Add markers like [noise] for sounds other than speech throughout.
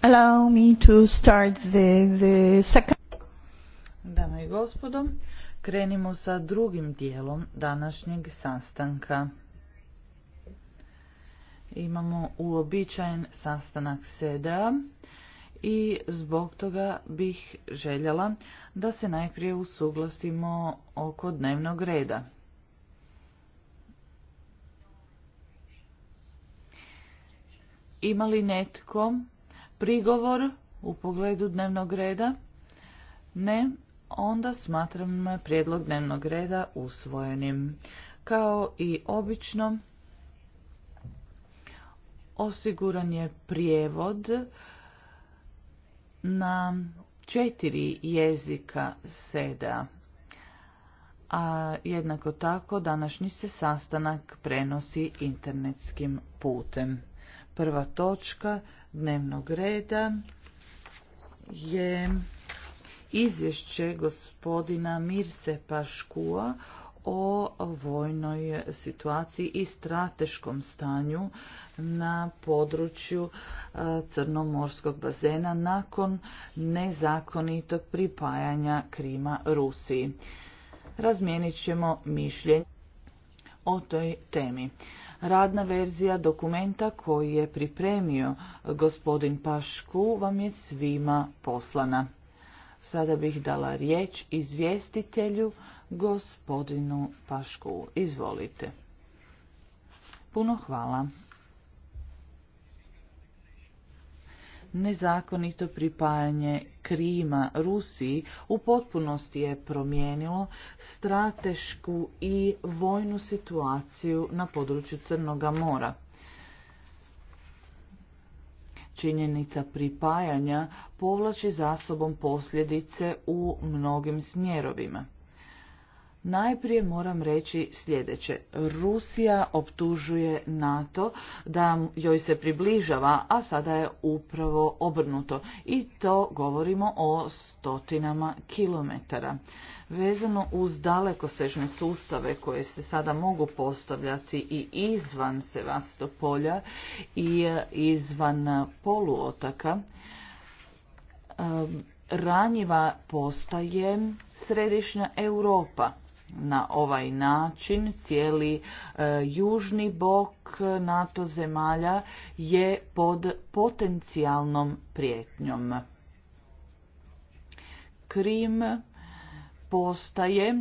Allow me to Dame i gospodo, krenimo sa drugim dijelom današnjeg sastanka. Imamo uobičajen sastanak SEDA i zbog toga bih željela da se najprije usuglasimo oko dnevnog reda. Ima li netko prigovor u pogledu dnevnog reda? Ne, onda smatram prijedlog dnevnog reda usvojenim. Kao i obično, osiguran je prijevod na četiri jezika seda. A jednako tako današnji se sastanak prenosi internetskim putem. Prva točka dnevnog reda je izvješće gospodina Mirse Paškua o vojnoj situaciji i strateškom stanju na području e, Crnomorskog bazena nakon nezakonitog pripajanja Krima Rusiji. Razmijenit ćemo mišljenje o toj temi. Radna verzija dokumenta koji je pripremio gospodin Pašku vam je svima poslana. Sada bih dala riječ izvjestitelju gospodinu Pašku. Izvolite. Puno hvala. nezakonito pripajanje Krima Rusiji u potpunosti je promijenilo stratešku i vojnu situaciju na području Crnoga mora. Činjenica pripajanja povlači za sobom posljedice u mnogim smjerovima. Najprije moram reći sljedeće. Rusija optužuje NATO da joj se približava, a sada je upravo obrnuto. I to govorimo o stotinama kilometara. Vezano uz dalekosežne sustave koje se sada mogu postavljati i izvan Sevastopolja i izvan poluotaka, um, ranjiva postaje središnja Europa na ovaj način cijeli e, južni bok NATO zemalja je pod potencijalnom prijetnjom. Krim postaje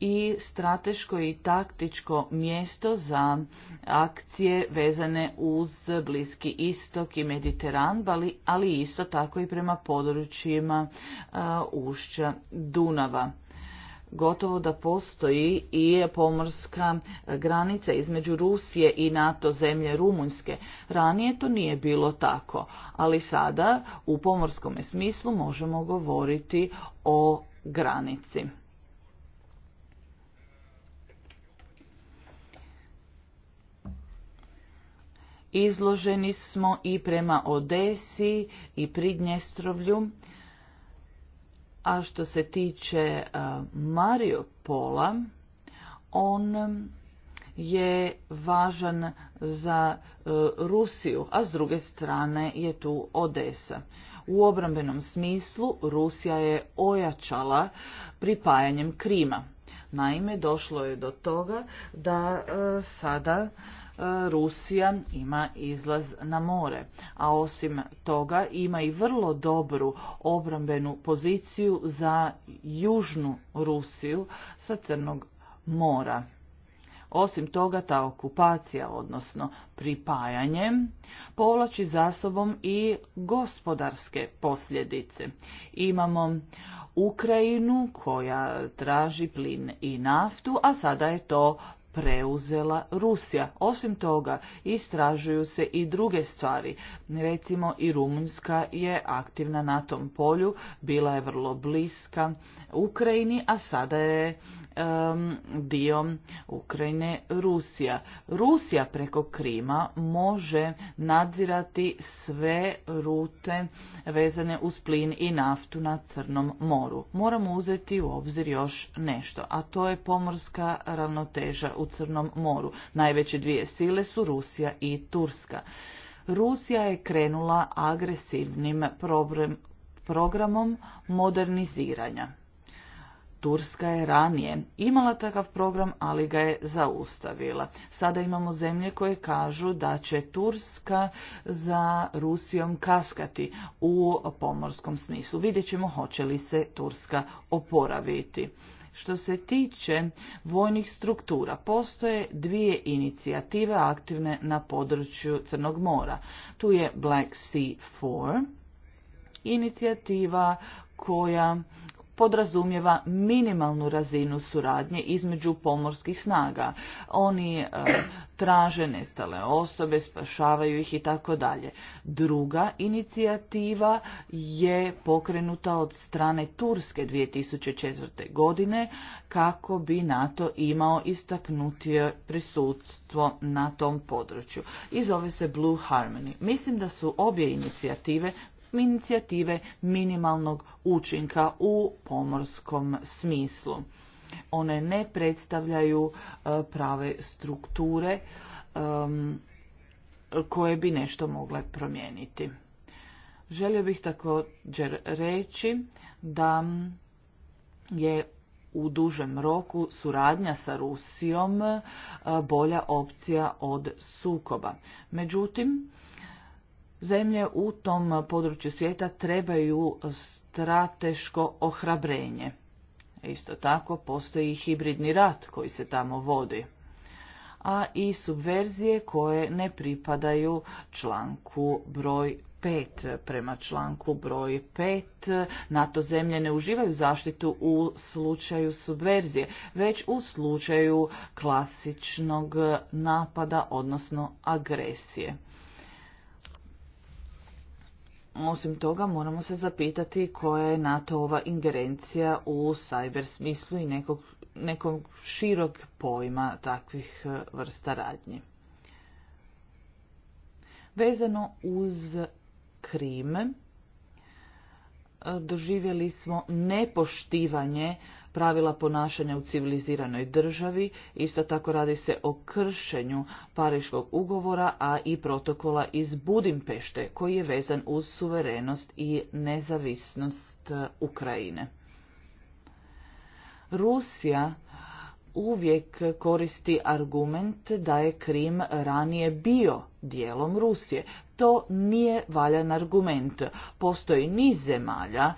i strateško i taktičko mjesto za akcije vezane uz Bliski istok i Mediteran, ali isto tako i prema područjima e, ušća Dunava gotovo da postoji i pomorska granica između Rusije i NATO zemlje Rumunjske. Ranije to nije bilo tako, ali sada u pomorskom smislu možemo govoriti o granici. Izloženi smo i prema Odesi i Pridnjestrovlju a što se tiče Mariopola, on je važan za e, Rusiju, a s druge strane je tu Odesa. U obrambenom smislu Rusija je ojačala pripajanjem Krima. Naime, došlo je do toga da e, sada Rusija ima izlaz na more, a osim toga ima i vrlo dobru obrambenu poziciju za južnu Rusiju sa Crnog mora. Osim toga, ta okupacija, odnosno pripajanje, povlači za sobom i gospodarske posljedice. Imamo Ukrajinu koja traži plin i naftu, a sada je to preuzela Rusija. Osim toga, istražuju se i druge stvari. Recimo i Rumunjska je aktivna na tom polju, bila je vrlo bliska Ukrajini, a sada je dio Ukrajine Rusija. Rusija preko Krima može nadzirati sve rute vezane uz plin i naftu na Crnom moru. Moramo uzeti u obzir još nešto, a to je pomorska ravnoteža u u Crnom moru. Najveće dvije sile su Rusija i Turska. Rusija je krenula agresivnim programom moderniziranja. Turska je ranije imala takav program, ali ga je zaustavila. Sada imamo zemlje koje kažu da će Turska za Rusijom kaskati u pomorskom smislu. Vidjet ćemo hoće li se Turska oporaviti. Što se tiče vojnih struktura, postoje dvije inicijative aktivne na području Crnog mora. Tu je Black Sea 4, inicijativa koja podrazumijeva minimalnu razinu suradnje između pomorskih snaga. Oni e, traže nestale osobe, spašavaju ih i tako dalje. Druga inicijativa je pokrenuta od strane Turske 2004. godine kako bi NATO imao istaknutije prisutstvo na tom području. I zove se Blue Harmony. Mislim da su obje inicijative inicijative minimalnog učinka u pomorskom smislu. One ne predstavljaju e, prave strukture e, koje bi nešto mogle promijeniti. Želio bih također reći da je u dužem roku suradnja sa Rusijom e, bolja opcija od sukoba. Međutim, Zemlje u tom području svijeta trebaju strateško ohrabrenje. Isto tako postoji hibridni rat koji se tamo vodi, a i subverzije koje ne pripadaju članku broj 5. Prema članku broj 5 NATO zemlje ne uživaju zaštitu u slučaju subverzije, već u slučaju klasičnog napada, odnosno agresije. Osim toga, moramo se zapitati koja je NATO-ova ingerencija u cyber smislu i nekog, nekog širog pojma takvih e, vrsta radnji. Vezano uz Krim, e, doživjeli smo nepoštivanje pravila ponašanja u civiliziranoj državi, isto tako radi se o kršenju Pariškog ugovora, a i protokola iz Budimpešte koji je vezan uz suverenost i nezavisnost e, Ukrajine. Rusija uvijek koristi argument da je Krim ranije bio dijelom Rusije. To nije valjan argument. Postoji niz zemalja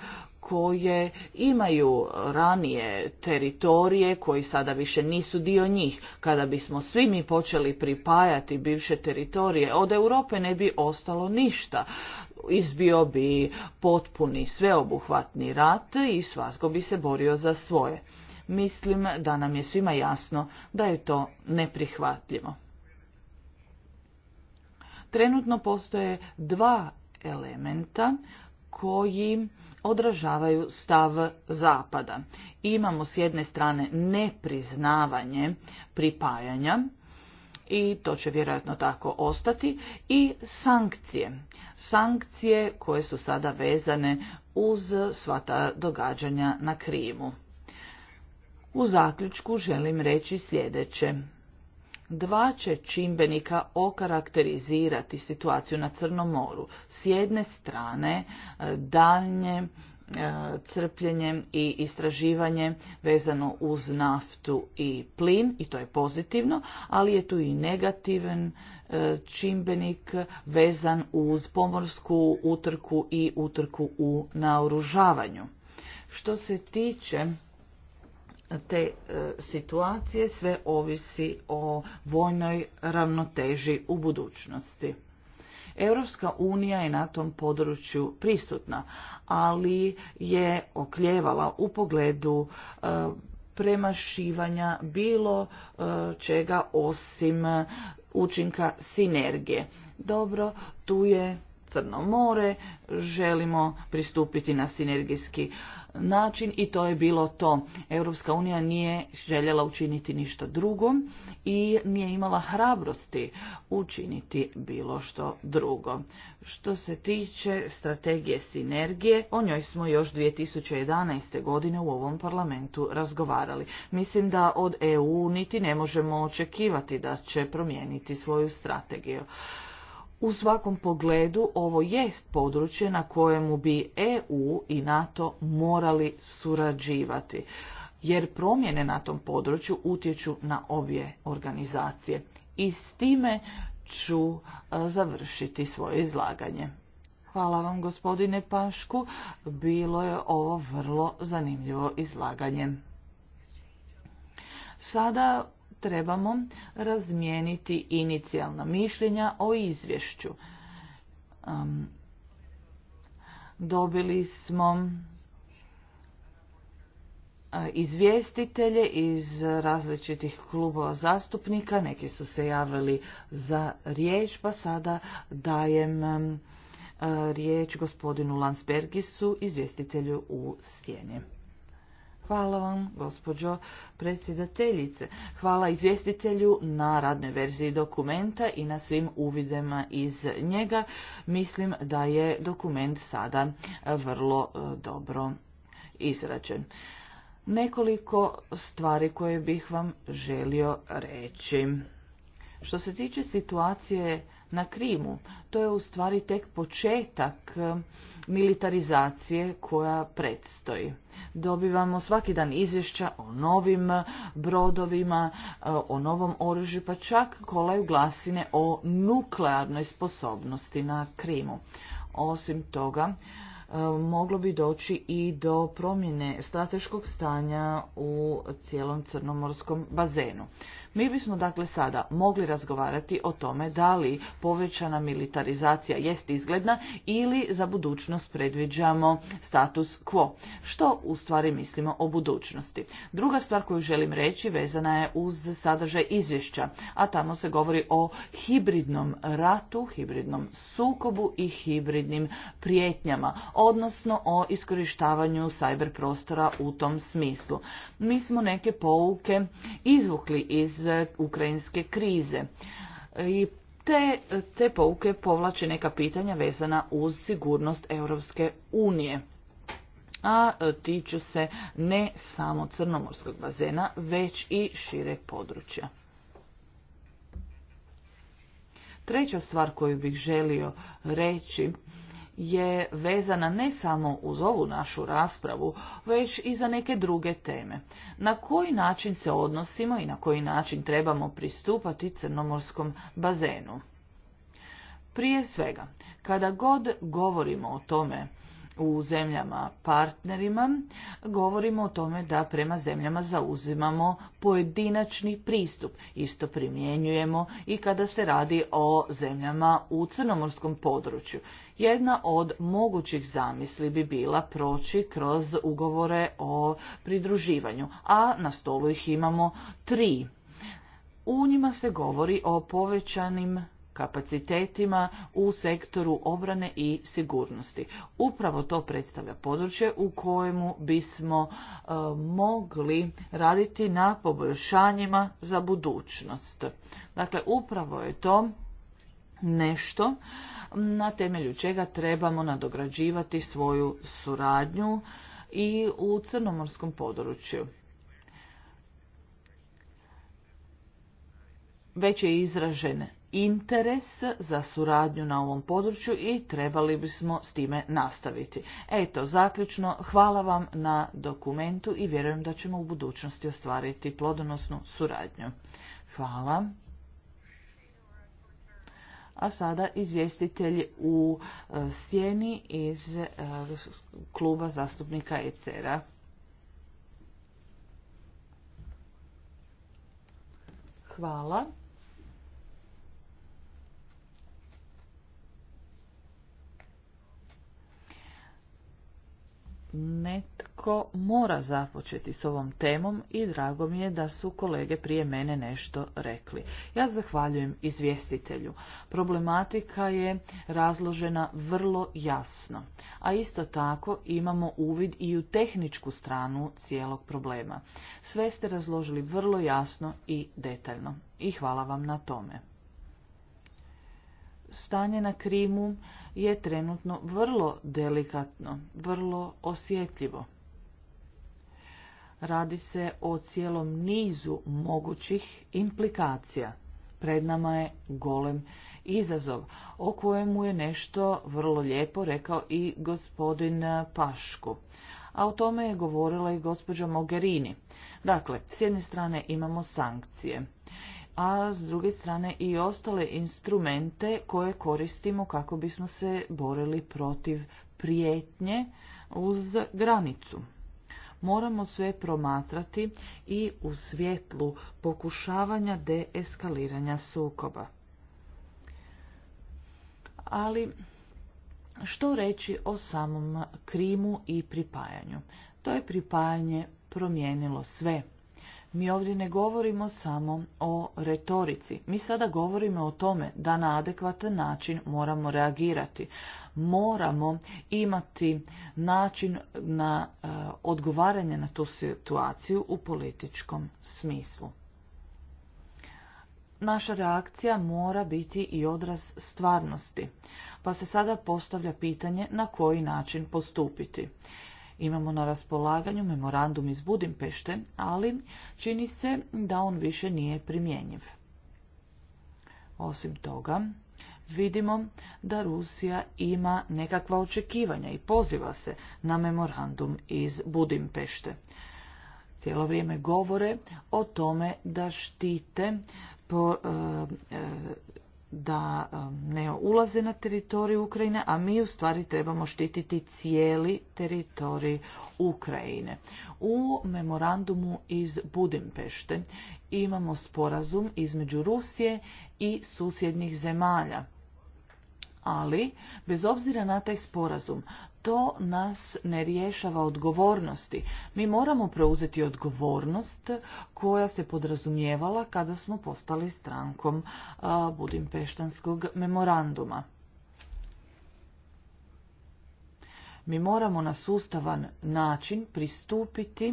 koje imaju ranije teritorije koji sada više nisu dio njih. Kada bismo svi mi počeli pripajati bivše teritorije, od Europe ne bi ostalo ništa. Izbio bi potpuni sveobuhvatni rat i svatko bi se borio za svoje. Mislim da nam je svima jasno da je to neprihvatljivo. Trenutno postoje dva elementa koji odražavaju stav Zapada. Imamo s jedne strane nepriznavanje pripajanja i to će vjerojatno tako ostati i sankcije. Sankcije koje su sada vezane uz sva ta događanja na Krimu. U zaključku želim reći sljedeće. Dva će čimbenika okarakterizirati situaciju na Crnom moru. S jedne strane e, daljnje e, crpljenje i istraživanje vezano uz naftu i plin i to je pozitivno, ali je tu i negativan e, čimbenik vezan uz pomorsku utrku i utrku u naoružavanju. Što se tiče te e, situacije sve ovisi o vojnoj ravnoteži u budućnosti. Europska unija je na tom području prisutna, ali je okljevala u pogledu e, premašivanja bilo e, čega osim učinka sinergije. Dobro, tu je Crno more, želimo pristupiti na sinergijski način i to je bilo to. Europska unija nije željela učiniti ništa drugo i nije imala hrabrosti učiniti bilo što drugo. Što se tiče strategije sinergije, o njoj smo još 2011. godine u ovom parlamentu razgovarali. Mislim da od EU niti ne možemo očekivati da će promijeniti svoju strategiju. U svakom pogledu ovo jest područje na kojemu bi EU i NATO morali surađivati, jer promjene na tom području utječu na obje organizacije. I s time ću e, završiti svoje izlaganje. Hvala vam gospodine Pašku, bilo je ovo vrlo zanimljivo izlaganje. Sada trebamo razmijeniti inicijalna mišljenja o izvješću. dobili smo izvjestitelje iz različitih klubova zastupnika. Neki su se javili za riječ, pa sada dajem riječ gospodinu Lansbergisu, izvjestitelju u Sjeni. Hvala vam, gospođo predsjedateljice. Hvala izvjestitelju na radnoj verziji dokumenta i na svim uvidima iz njega. Mislim da je dokument sada e, vrlo e, dobro izrađen. Nekoliko stvari koje bih vam želio reći. Što se tiče situacije na Krimu. To je u stvari tek početak e, militarizacije koja predstoji. Dobivamo svaki dan izvješća o novim e, brodovima, e, o novom oružju, pa čak kolaju glasine o nuklearnoj sposobnosti na Krimu. Osim toga, moglo bi doći i do promjene strateškog stanja u cijelom crnomorskom bazenu. Mi bismo dakle sada mogli razgovarati o tome da li povećana militarizacija jest izgledna ili za budućnost predviđamo status quo. Što u stvari mislimo o budućnosti? Druga stvar koju želim reći vezana je uz sadržaj izvješća, a tamo se govori o hibridnom ratu, hibridnom sukobu i hibridnim prijetnjama, odnosno o iskorištavanju sajber prostora u tom smislu. Mi smo neke pouke izvukli iz Eh, ukrajinske krize. I te, te pouke povlače neka pitanja vezana uz sigurnost Europske unije a eh, tiču se ne samo crnomorskog bazena, već i šireg područja. Treća stvar koju bih želio reći je vezana ne samo uz ovu našu raspravu, već i za neke druge teme. Na koji način se odnosimo i na koji način trebamo pristupati crnomorskom bazenu? Prije svega, kada god govorimo o tome u zemljama partnerima govorimo o tome da prema zemljama zauzimamo pojedinačni pristup. Isto primjenjujemo i kada se radi o zemljama u crnomorskom području. Jedna od mogućih zamisli bi bila proći kroz ugovore o pridruživanju, a na stolu ih imamo tri. U njima se govori o povećanim kapacitetima u sektoru obrane i sigurnosti. Upravo to predstavlja područje u kojemu bismo e, mogli raditi na poboljšanjima za budućnost. Dakle, upravo je to nešto na temelju čega trebamo nadograđivati svoju suradnju i u crnomorskom području. Već je izražen interes za suradnju na ovom području i trebali bismo s time nastaviti. Eto, zaključno, hvala vam na dokumentu i vjerujem da ćemo u budućnosti ostvariti plodonosnu suradnju. Hvala. A sada izvjestitelj u e, sjeni iz e, kluba zastupnika ECR-a. Hvala. netko mora započeti s ovom temom i drago mi je da su kolege prije mene nešto rekli. Ja zahvaljujem izvjestitelju. Problematika je razložena vrlo jasno, a isto tako imamo uvid i u tehničku stranu cijelog problema. Sve ste razložili vrlo jasno i detaljno i hvala vam na tome stanje na Krimu je trenutno vrlo delikatno, vrlo osjetljivo. Radi se o cijelom nizu mogućih implikacija. Pred nama je golem izazov, o kojemu je nešto vrlo lijepo rekao i gospodin Pašku. A o tome je govorila i gospođa Mogherini. Dakle, s jedne strane imamo sankcije, a s druge strane i ostale instrumente koje koristimo kako bismo se borili protiv prijetnje uz granicu. Moramo sve promatrati i u svjetlu pokušavanja deeskaliranja sukoba. Ali što reći o samom Krimu i pripajanju? To je pripajanje promijenilo sve mi ovdje ne govorimo samo o retorici. Mi sada govorimo o tome da na adekvatan način moramo reagirati. Moramo imati način na e, odgovaranje na tu situaciju u političkom smislu. Naša reakcija mora biti i odraz stvarnosti, pa se sada postavlja pitanje na koji način postupiti. Imamo na raspolaganju memorandum iz Budimpešte, ali čini se da on više nije primjenjiv. Osim toga, vidimo da Rusija ima nekakva očekivanja i poziva se na memorandum iz Budimpešte. Cijelo vrijeme govore o tome da štite po, e, e, da um, ne ulaze na teritoriju Ukrajine, a mi u stvari trebamo štititi cijeli teritorij Ukrajine. U memorandumu iz Budimpešte imamo sporazum između Rusije i susjednih zemalja ali bez obzira na taj sporazum to nas ne rješava odgovornosti. Mi moramo preuzeti odgovornost koja se podrazumijevala kada smo postali strankom Budimpeštanskog memoranduma. Mi moramo na sustavan način pristupiti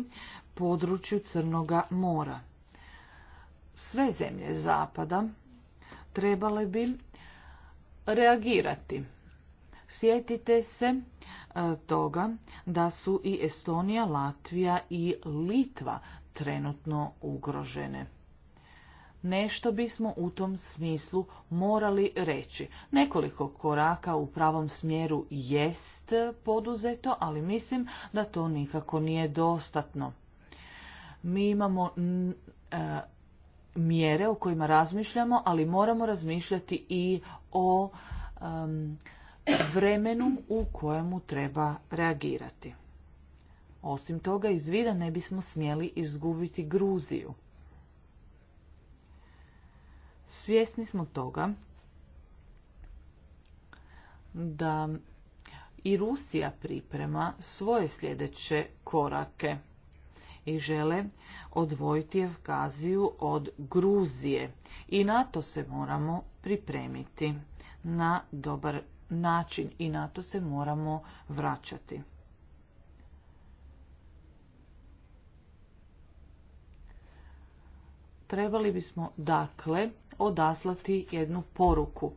području Crnoga mora. Sve zemlje zapada trebale bi reagirati. Sjetite se e, toga da su i Estonija, Latvija i Litva trenutno ugrožene. Nešto bismo u tom smislu morali reći. Nekoliko koraka u pravom smjeru jest poduzeto, ali mislim da to nikako nije dostatno. Mi imamo e, mjere o kojima razmišljamo, ali moramo razmišljati i o um, vremenu u kojemu treba reagirati. Osim toga, iz vida ne bismo smjeli izgubiti Gruziju. Svjesni smo toga da i Rusija priprema svoje sljedeće korake i žele odvojiti Evgaziju od Gruzije i na to se moramo pripremiti na dobar način i na to se moramo vraćati. Trebali bismo dakle odaslati jednu poruku.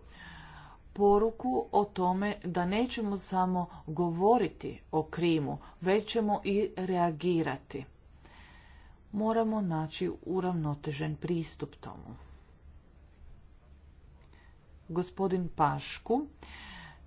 Poruku o tome da nećemo samo govoriti o Krimu, već ćemo i reagirati moramo naći uravnotežen pristup tomu. Gospodin Pašku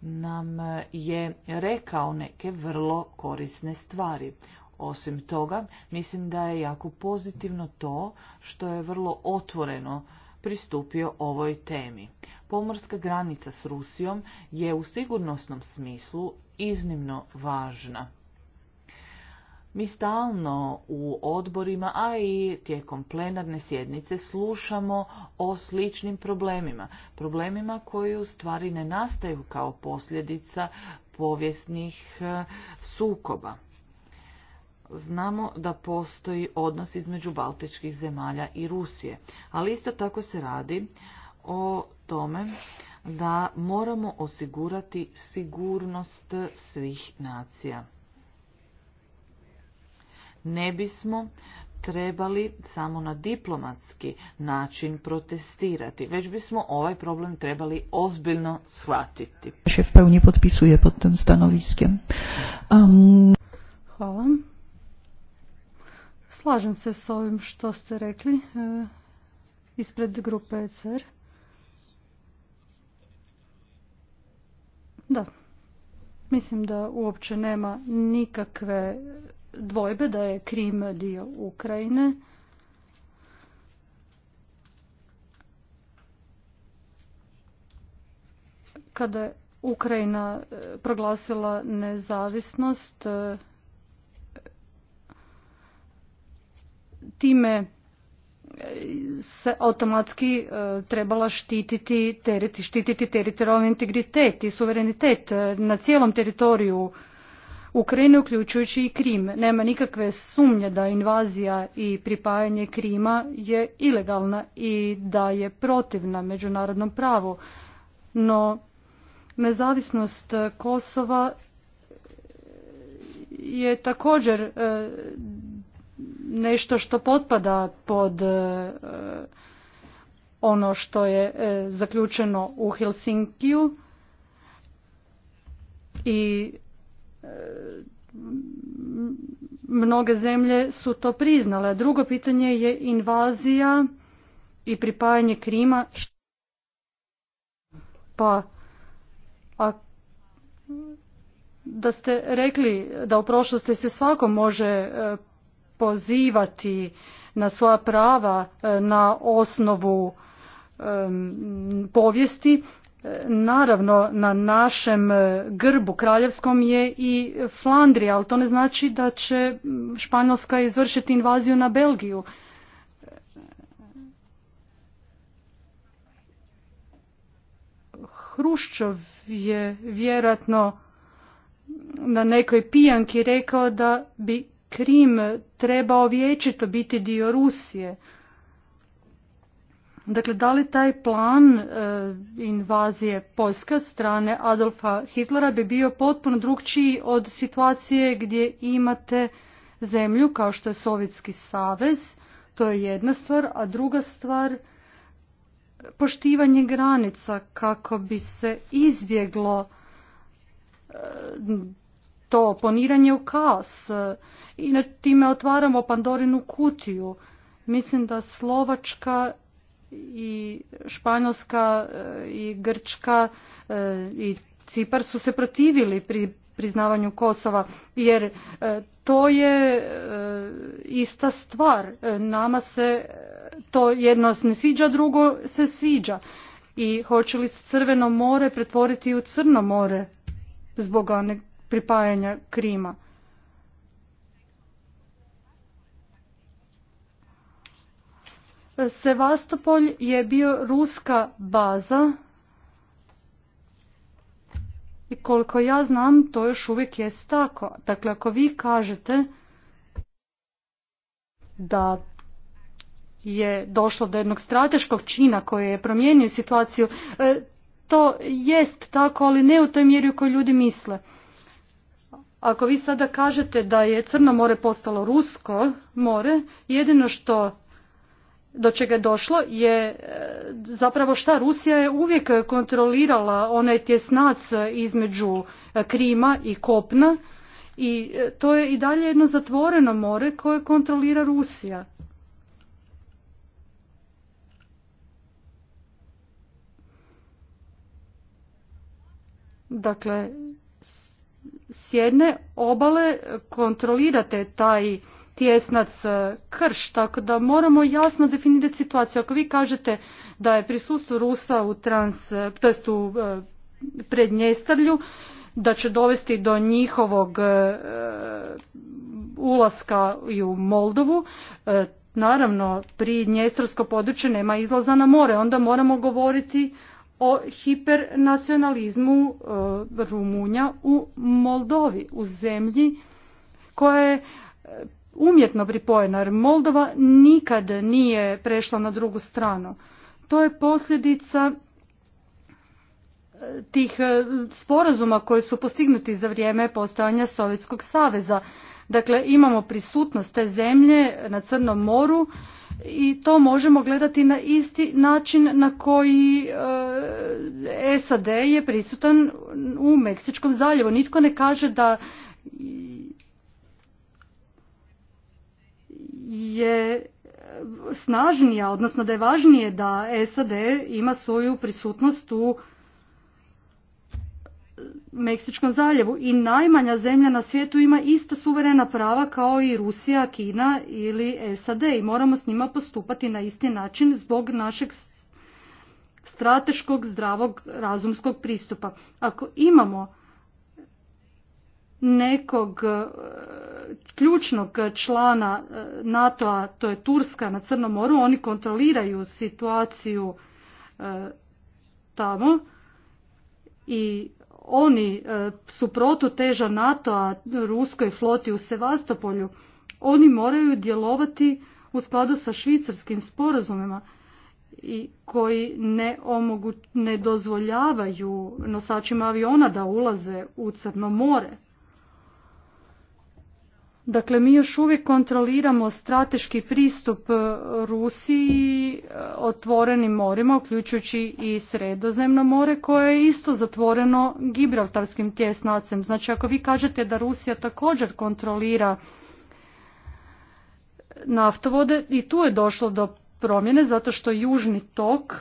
nam je rekao neke vrlo korisne stvari. Osim toga, mislim da je jako pozitivno to što je vrlo otvoreno pristupio ovoj temi. Pomorska granica s Rusijom je u sigurnosnom smislu iznimno važna. Mi stalno u odborima, a i tijekom plenarne sjednice slušamo o sličnim problemima. Problemima koji u stvari ne nastaju kao posljedica povijesnih e, sukoba. Znamo da postoji odnos između baltičkih zemalja i Rusije, ali isto tako se radi o tome da moramo osigurati sigurnost svih nacija ne bismo trebali samo na diplomatski način protestirati, već bismo ovaj problem trebali ozbiljno shvatiti. Šef pa pod tem stanoviskem. Hvala. Slažem se s ovim što ste rekli eh, ispred grupe ECR. Da, mislim da uopće nema nikakve dvojbe da je Krim dio Ukrajine. Kada je Ukrajina e, proglasila nezavisnost, e, time e, se automatski trebala štititi, štititi teritorijalni integritet i suverenitet na cijelom teritoriju Ukrajine, uključujući i Krim. Nema nikakve sumnje da invazija i pripajanje Krima je ilegalna i da je protivna međunarodnom pravu. No, nezavisnost Kosova je također e, nešto što potpada pod e, ono što je e, zaključeno u Helsinkiju i mnoge zemlje su to priznale. Drugo pitanje je invazija i pripajanje Krima. Pa, a da ste rekli da u prošlosti se svako može e, pozivati na svoja prava e, na osnovu povijesti Naravno, na našem e, grbu kraljevskom je i Flandrija, ali to ne znači da će Španjolska izvršiti invaziju na Belgiju. Hruščov je vjerojatno na nekoj pijanki rekao da bi Krim trebao vječito biti dio Rusije. Dakle, da li taj plan e, invazije Poljska strane Adolfa Hitlera bi bio potpuno drugčiji od situacije gdje imate zemlju kao što je Sovjetski savez, to je jedna stvar, a druga stvar poštivanje granica kako bi se izbjeglo e, to poniranje u kaos i na time otvaramo Pandorinu kutiju. Mislim da Slovačka i Španjolska e, i Grčka e, i Cipar su se protivili pri priznavanju Kosova jer e, to je ista stvar. Nama se to jedno ne sviđa, drugo se sviđa. I hoće li se Crveno more pretvoriti u Crno more zbog pripajanja Krima? Sevastopol je bio ruska baza i koliko ja znam to još uvijek jest tako. Dakle, ako vi kažete da je došlo do jednog strateškog čina koji je promijenio situaciju, e, to jest tako, ali ne u toj mjeri u kojoj ljudi misle. Ako vi sada kažete da je Crno more postalo Rusko more, jedino što do čega je došlo je e, zapravo šta Rusija je uvijek kontrolirala onaj tjesnac između e, Krima i Kopna i e, to je i dalje jedno zatvoreno more koje kontrolira Rusija. Dakle, s jedne obale kontrolirate taj tjesnac e, krš, tako da moramo jasno definirati situaciju. Ako vi kažete da je prisustvo Rusa u trans, e, to u e, prednjestrlju, da će dovesti do njihovog ulaska i u Moldovu, naravno pri Njestrovsko područje nema izlaza na more, onda moramo govoriti o hipernacionalizmu Rumunja u Moldovi, u zemlji koja je umjetno pripojena jer Moldova nikad nije prešla na drugu stranu. To je posljedica e, tih e, sporazuma koji su postignuti za vrijeme postojanja Sovjetskog saveza. Dakle, imamo prisutnost te zemlje na Crnom moru i to možemo gledati na isti način na koji e, SAD je prisutan u Meksičkom zaljevu. Nitko ne kaže da je snažnija, odnosno da je važnije da SAD ima svoju prisutnost u Meksičkom zaljevu i najmanja zemlja na svijetu ima ista suverena prava kao i Rusija, Kina ili SAD i moramo s njima postupati na isti način zbog našeg strateškog, zdravog, razumskog pristupa. Ako imamo nekog e, ključnog člana e, NATO-a, to je Turska na Crnom moru, oni kontroliraju situaciju e, tamo i oni su protuteža NATO-a ruskoj floti u Sevastopolju. Oni moraju djelovati u skladu sa švicarskim sporazumima i koji ne, omogu, ne dozvoljavaju nosačima aviona da ulaze u Crno more. Dakle, mi još uvijek kontroliramo strateški pristup e, Rusiji e, otvorenim morima, uključujući i sredozemno more, koje je isto zatvoreno gibraltarskim tjesnacem. Znači, ako vi kažete da Rusija također kontrolira naftovode, i tu je došlo do promjene, zato što južni tok,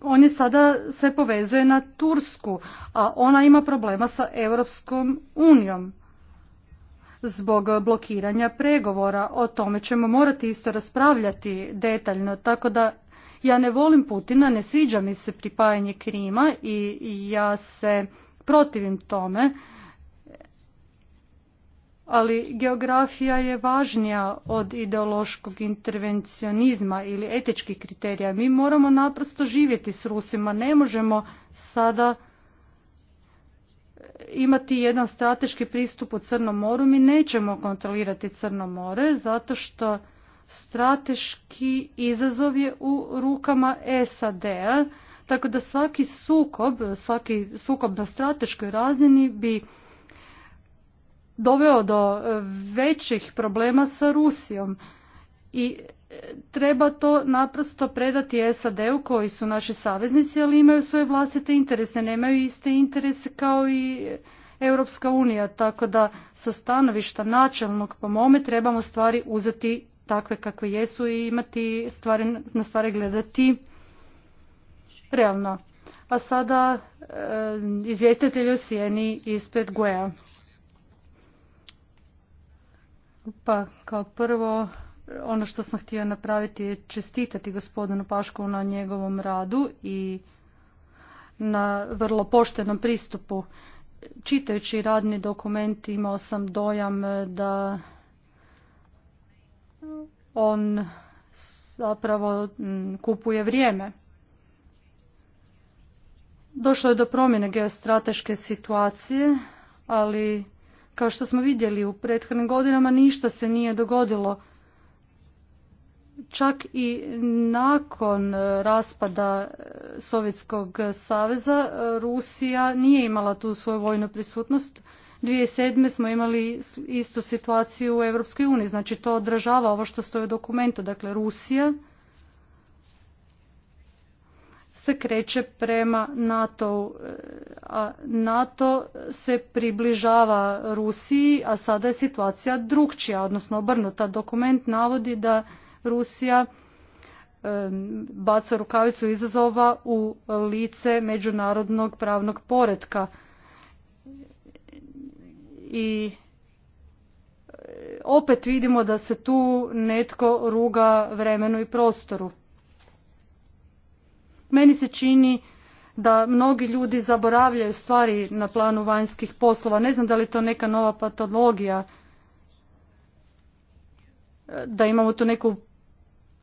on je sada se povezuje na Tursku, a ona ima problema sa Europskom unijom zbog blokiranja pregovora. O tome ćemo morati isto raspravljati detaljno, tako da ja ne volim Putina, ne sviđa mi se pripajanje Krima i ja se protivim tome, ali geografija je važnija od ideološkog intervencionizma ili etičkih kriterija. Mi moramo naprosto živjeti s Rusima, ne možemo sada imati jedan strateški pristup u Crnom moru, mi nećemo kontrolirati Crno more zato što strateški izazov je u rukama SAD-a, tako da svaki sukob, svaki sukob na strateškoj razini bi doveo do većih problema sa Rusijom i treba to naprosto predati SAD-u koji su naši saveznici, ali imaju svoje vlastite interese, nemaju iste interese kao i Europska unija, tako da sa stanovišta načelnog po mome trebamo stvari uzeti takve kakve jesu i imati stvari, na stvari gledati realno. A sada e, izvjestitelj u sjeni ispred Guea. Pa kao prvo ono što sam htio napraviti je čestitati gospodinu Paškovu na njegovom radu i na vrlo poštenom pristupu. Čitajući radni dokument imao sam dojam da on zapravo mm, kupuje vrijeme. Došlo je do promjene geostrateške situacije, ali kao što smo vidjeli u prethodnim godinama ništa se nije dogodilo čak i nakon raspada e, Sovjetskog saveza e, Rusija nije imala tu svoju vojnu prisutnost. 2007. smo imali istu situaciju u Europskoj uniji, znači to odražava ovo što stoji u dokumentu. Dakle, Rusija se kreće prema NATO, e, a NATO se približava Rusiji, a sada je situacija drukčija, odnosno obrnuta. Dokument navodi da Rusija baca rukavicu izazova u lice međunarodnog pravnog poretka i e, opet vidimo da se tu netko ruga vremenu i prostoru. Meni se čini da mnogi ljudi zaboravljaju stvari na planu vanjskih poslova. Ne znam da li je to neka nova patologija, da imamo tu neku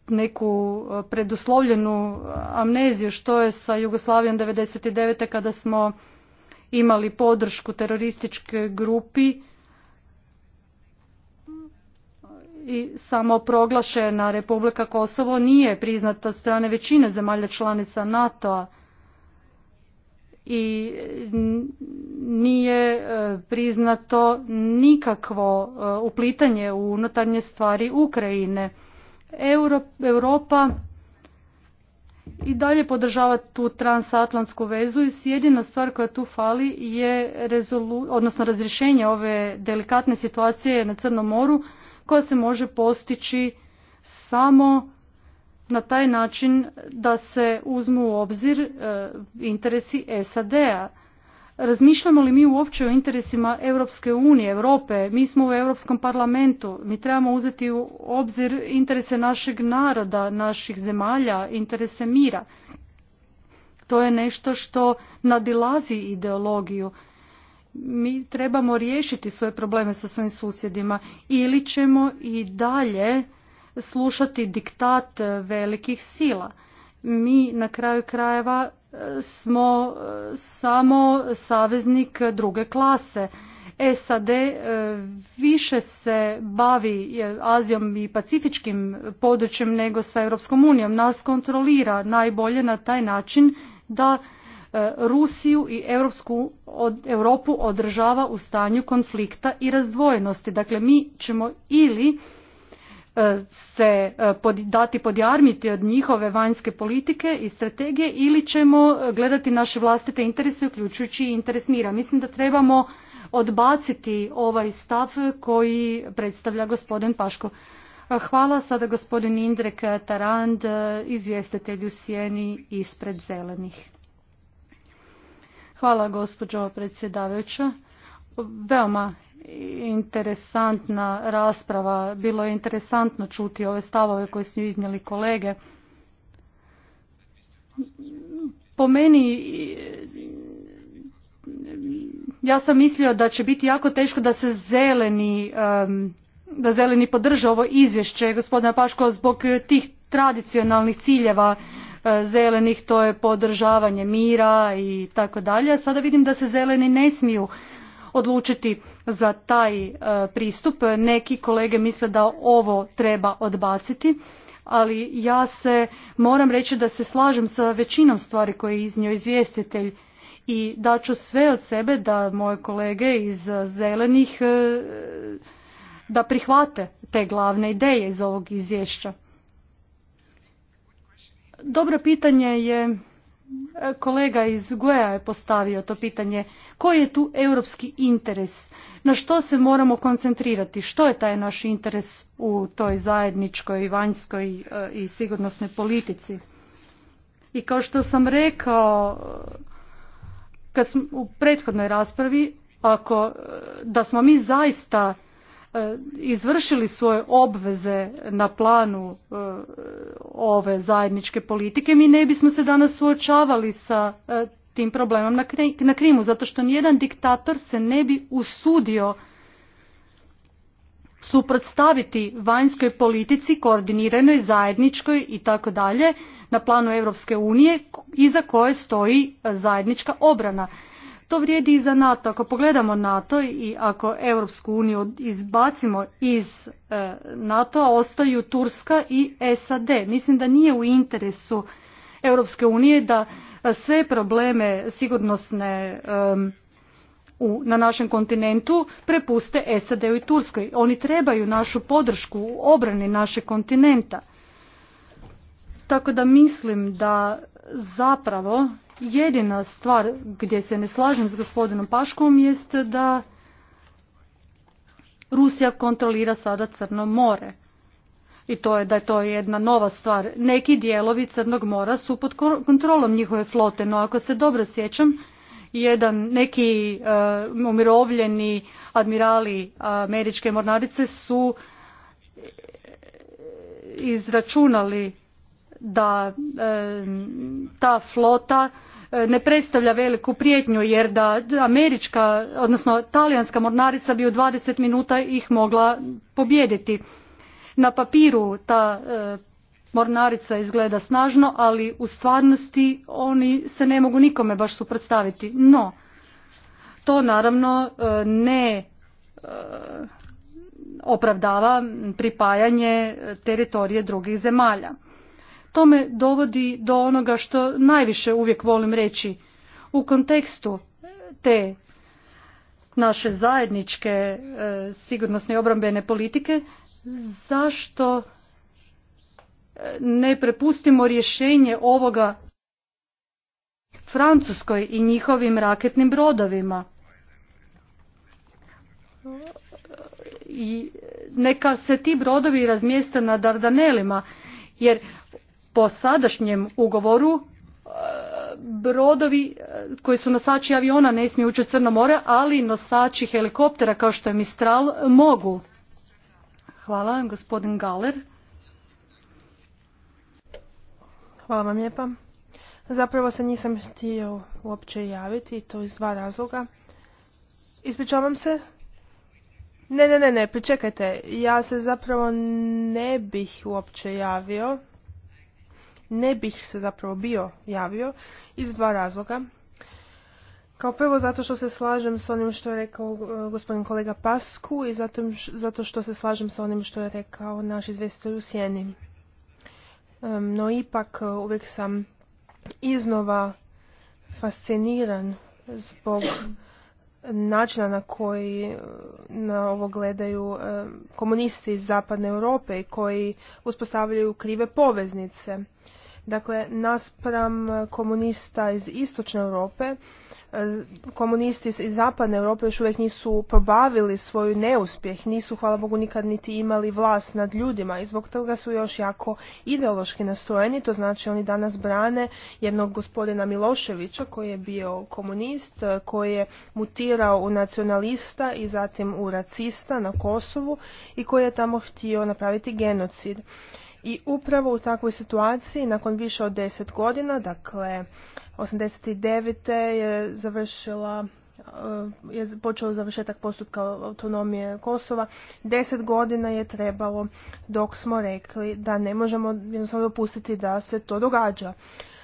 neku e, preduslovljenu amneziju što je sa Jugoslavijom 99. kada smo imali podršku terorističke grupi i samo proglašena Republika Kosovo nije priznata od strane većine zemalja članica NATO-a i nije e, priznato nikakvo e, uplitanje u unutarnje stvari Ukrajine Europa i dalje podržava tu transatlantsku vezu i jedina stvar koja tu fali je rezolu, odnosno razrješenje ove delikatne situacije na Crnom moru koja se može postići samo na taj način da se uzmu u obzir e, interesi SAD-a Razmišljamo li mi uopće o interesima Europske unije, Europe? Mi smo u Europskom parlamentu, mi trebamo uzeti u obzir interese našeg naroda, naših zemalja, interese mira. To je nešto što nadilazi ideologiju. Mi trebamo riješiti svoje probleme sa svojim susjedima ili ćemo i dalje slušati diktat velikih sila. Mi na kraju krajeva smo e, samo saveznik druge klase. SAD e, više se bavi e, Azijom i pacifičkim područjem nego sa Europskom unijom. Nas kontrolira najbolje na taj način da Rusiju i Europsku, od, Europu održava u stanju konflikta i razdvojenosti. Dakle, mi ćemo ili E, se e, dati podjarmiti od njihove vanjske politike i strategije ili ćemo e, gledati naše vlastite interese uključujući i interes mira. Mislim da trebamo odbaciti ovaj stav koji predstavlja gospodin Paško. Hvala sada gospodin Indrek Tarand, izvjestitelju Sjeni ispred zelenih. Hvala gospođo predsjedavajuća. Veoma interesantna rasprava. Bilo je interesantno čuti ove stavove koje su iznijeli kolege. Po meni ja sam mislio da će biti jako teško da se zeleni da zeleni podrže ovo izvješće gospodina Paško zbog tih tradicionalnih ciljeva eh, zelenih to je podržavanje mira i tako dalje. Sada vidim da se zeleni ne smiju odlučiti za taj e, pristup. Neki kolege misle da ovo treba odbaciti, ali ja se moram reći da se slažem sa većinom stvari koje je iznio izvjestitelj i ću sve od sebe da moje kolege iz zelenih e, da prihvate te glavne ideje iz ovog izvješća. Dobro pitanje je E, kolega iz Goja je postavio to pitanje. Koji je tu europski interes? Na što se moramo koncentrirati? Što je taj naš interes u toj zajedničkoj, vanjskoj e, i sigurnosnoj politici? I kao što sam rekao kad smo, u prethodnoj raspravi, ako, e, da smo mi zaista E, izvršili svoje obveze na planu e, ove zajedničke politike, mi ne bismo se danas suočavali sa e, tim problemom na Krimu, zato što nijedan diktator se ne bi usudio suprotstaviti vanjskoj politici koordiniranoj, zajedničkoj i tako dalje na planu Europske unije iza koje stoji zajednička obrana. To vrijedi i za NATO. Ako pogledamo NATO i ako Europsku uniju izbacimo iz e, NATO, ostaju Turska i SAD. Mislim da nije u interesu Europske unije da e, sve probleme sigurnosne e, u, na našem kontinentu prepuste SAD-u i Turskoj. Oni trebaju našu podršku u obrani našeg kontinenta. Tako da mislim da zapravo Jedina stvar gdje se ne slažem s gospodinom Paškom jest da Rusija kontrolira sada Crno more. I to je da je to jedna nova stvar. Neki dijelovi Crnog mora su pod kontrolom njihove flote, no ako se dobro sjećam, jedan neki eh, umirovljeni admirali eh, američke mornarice su eh, izračunali da ta flota ne predstavlja veliku prijetnju jer da američka odnosno talijanska mornarica bi u dvadeset minuta ih mogla pobijediti. Na papiru ta e, mornarica izgleda snažno, ali u stvarnosti oni se ne mogu nikome baš suprotstaviti. No, to naravno e, ne e, opravdava pripajanje teritorije drugih zemalja. To me dovodi do onoga što najviše uvijek volim reći. U kontekstu te naše zajedničke e, sigurnosne i obrambene politike, zašto e, ne prepustimo rješenje ovoga Francuskoj i njihovim raketnim brodovima? I neka se ti brodovi razmijeste na Dardanelima, jer po sadašnjem ugovoru e, brodovi e, koji su nosači aviona ne smiju ući u Crno more, ali nosači helikoptera kao što je Mistral mogu. Hvala, gospodin Galer. Hvala vam lijepa. Zapravo se nisam htio uopće javiti to iz dva razloga. Ispričavam se. Ne, ne, ne, ne, pričekajte. Ja se zapravo ne bih uopće javio ne bih se zapravo bio javio iz dva razloga. Kao prvo zato što se slažem s onim što je rekao uh, gospodin kolega Pasku i zato što se slažem s onim što je rekao naš izvestitelj u Sjeni. Um, no ipak uh, uvijek sam iznova fasciniran zbog načina na koji uh, na ovo gledaju komunisti iz zapadne Europe koji uspostavljaju krive poveznice Dakle, naspram komunista iz istočne Europe, e, komunisti iz zapadne Europe još uvijek nisu probavili svoj neuspjeh, nisu, hvala Bogu, nikad niti imali vlast nad ljudima i zbog toga su još jako ideološki nastrojeni, to znači oni danas brane jednog gospodina Miloševića koji je bio komunist, e, koji je mutirao u nacionalista i zatim u racista na Kosovu i koji je tamo htio napraviti genocid. I upravo u takvoj situaciji, nakon više od deset godina, dakle 89. je završila eh, je počeo završetak postupka autonomije Kosova. Deset godina je trebalo dok smo rekli da ne možemo jednostavno dopustiti da se to događa.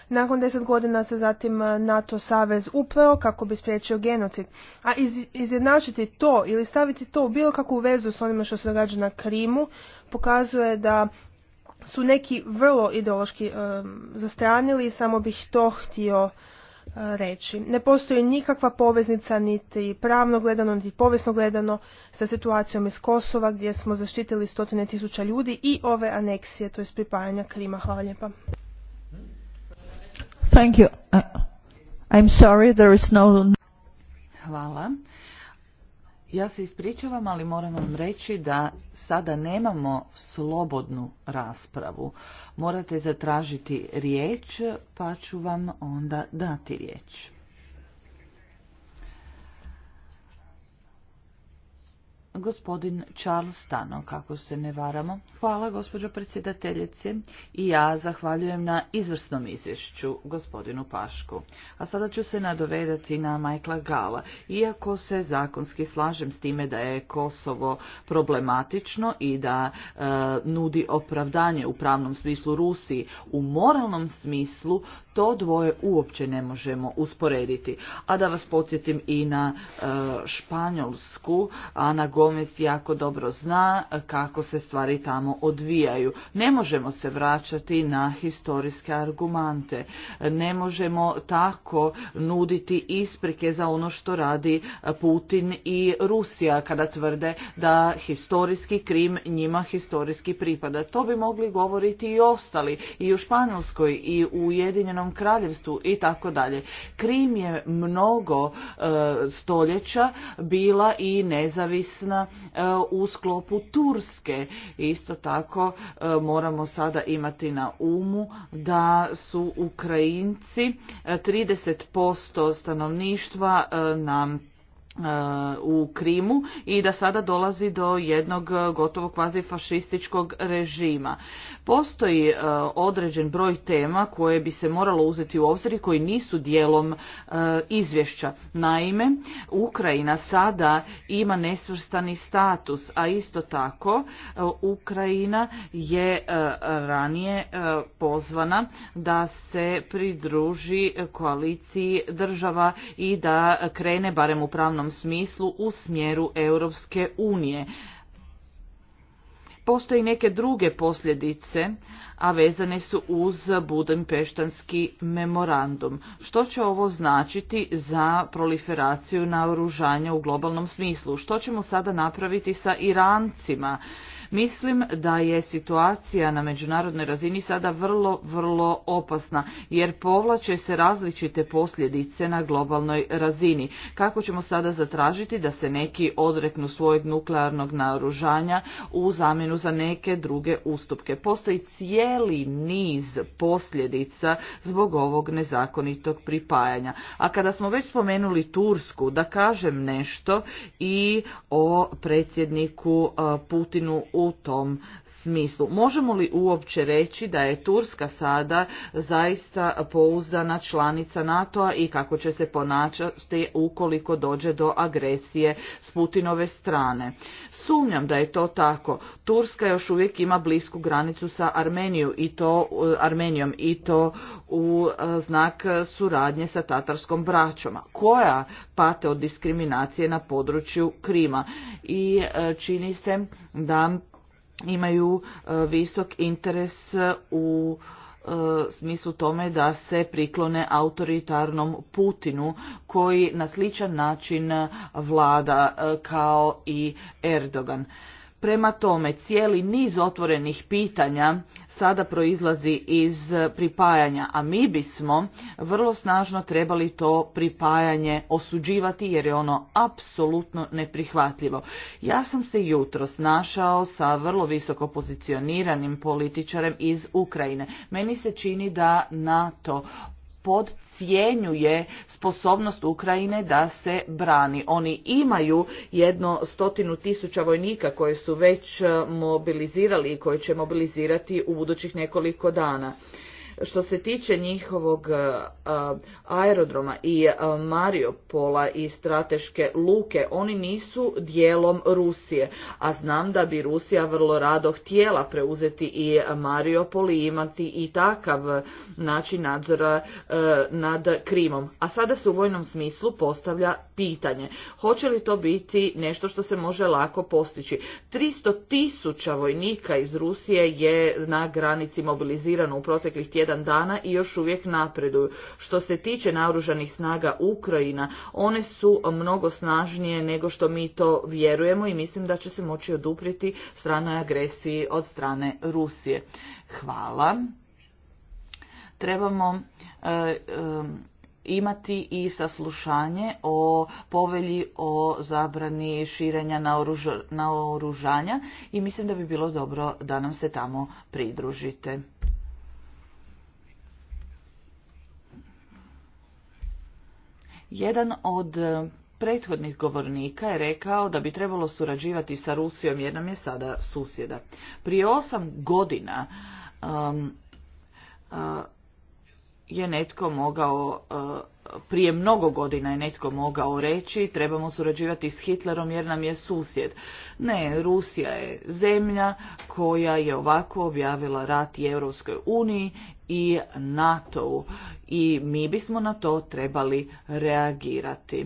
Nakon deset godina se zatim eh, NATO savez upleo kako bi spriječio genocid. A izjednačiti to ili staviti to u bilo kakvu vezu s onima što se događa na Krimu pokazuje da su neki vrlo ideološki zastranili i samo bih to htio e, reći. Ne postoji nikakva poveznica niti pravno gledano, niti povijesno gledano sa situacijom iz Kosova gdje smo zaštitili stotine tisuća ljudi i ove aneksije, to je pripajanja Krima. Hvala lijepa. Thank you. Uh, I'm sorry, there is no... Hvala. Ja se ispričavam, ali moram vam reći da sada nemamo slobodnu raspravu. Morate zatražiti riječ, pa ću vam onda dati riječ. Gospodin Charles Tano, kako se ne varamo. Hvala, gospođo predsjedateljice. I ja zahvaljujem na izvrsnom izvješću gospodinu Pašku. A sada ću se nadovedati na Majkla Gala. Iako se zakonski slažem s time da je Kosovo problematično i da e, nudi opravdanje u pravnom smislu Rusiji, u moralnom smislu to dvoje uopće ne možemo usporediti. A da vas podsjetim i na e, Španjolsku, Ana Gomez jako dobro zna e, kako se stvari tamo odvijaju. Ne možemo se vraćati na historijske argumente, ne možemo tako nuditi isprike za ono što radi e, Putin i Rusija kada tvrde da historijski Krim njima historijski pripada. To bi mogli govoriti i ostali i u Španjolskoj i u Ujedinjenom Ujedinjenom kraljevstvu i tako dalje. Krim je mnogo e, stoljeća bila i nezavisna e, u sklopu Turske. Isto tako e, moramo sada imati na umu da su Ukrajinci 30% stanovništva nam. E, u Krimu i da sada dolazi do jednog e, gotovo kvazi fašističkog režima. Postoji e, određen broj tema koje bi se moralo uzeti u obzir i koji nisu dijelom izvješća. Naime, Ukrajina sada ima nesvrstani status, a isto tako Ukrajina je ranije pozvana da se pridruži koaliciji država i da krene barem u pravnom smislu u smjeru Europske unije. Postoji neke druge posljedice, a vezane su uz Budimpeštanski memorandum. Što će ovo značiti za proliferaciju naoružanja u globalnom smislu? Što ćemo sada napraviti sa Irancima? Mislim da je situacija na međunarodnoj razini sada vrlo, vrlo opasna jer povlače se različite posljedice na globalnoj razini. Kako ćemo sada zatražiti da se neki odreknu svojeg nuklearnog naoružanja u zamjenu za neke druge ustupke? Postoji cijeli niz posljedica zbog ovog nezakonitog pripajanja. A kada smo već spomenuli Tursku, da kažem nešto i o predsjedniku Putinu u tom smislu. Možemo li uopće reći da je Turska sada zaista pouzdana članica NATO-a i kako će se ponašati ukoliko dođe do agresije s Putinove strane? Sumnjam da je to tako. Turska još uvijek ima blisku granicu sa Armeniju i to, eh, Armenijom i to u eh, znak suradnje sa tatarskom braćom, koja pate od diskriminacije na području Krima. I eh, čini se da imaju e, visok interes u e, smislu tome da se priklone autoritarnom Putinu koji na sličan način vlada e, kao i Erdogan. Prema tome, cijeli niz otvorenih pitanja sada proizlazi iz pripajanja, a mi bismo vrlo snažno trebali to pripajanje osuđivati jer je ono apsolutno neprihvatljivo. Ja sam se jutro snašao sa vrlo visoko pozicioniranim političarem iz Ukrajine. Meni se čini da NATO Podcijenjuje sposobnost Ukrajine da se brani. Oni imaju jedno stotinu tisuća vojnika koje su već e, mobilizirali i koje će mobilizirati u budućih nekoliko dana. Što se tiče njihovog e, aerodroma i e, Mariopola i strateške luke, oni nisu dijelom Rusije, a znam da bi Rusija vrlo rado htjela preuzeti i Mariopol i imati i takav način nadzora e, nad Krimom. A sada se u vojnom smislu postavlja pitanje, hoće li to biti nešto što se može lako postići? Tristo tisuća vojnika iz Rusije je na granici mobilizirano u proteklih tjedan tjedan dana i još uvijek napreduju. Što se tiče naoružanih snaga Ukrajina, one su mnogo snažnije nego što mi to vjerujemo i mislim da će se moći oduprijeti stranoj agresiji od strane Rusije. Hvala. Trebamo e, e, imati i saslušanje o povelji o zabrani širenja naoružanja i mislim da bi bilo dobro da nam se tamo pridružite. Jedan od e, prethodnih govornika je rekao da bi trebalo surađivati sa Rusijom jer nam je sada susjeda. Prije osam godina e, je netko mogao e, prije mnogo godina je netko mogao reći trebamo surađivati s Hitlerom jer nam je susjed. Ne, Rusija je zemlja koja je ovako objavila rat i Europskoj uniji i NATO-u i mi bismo na to trebali reagirati.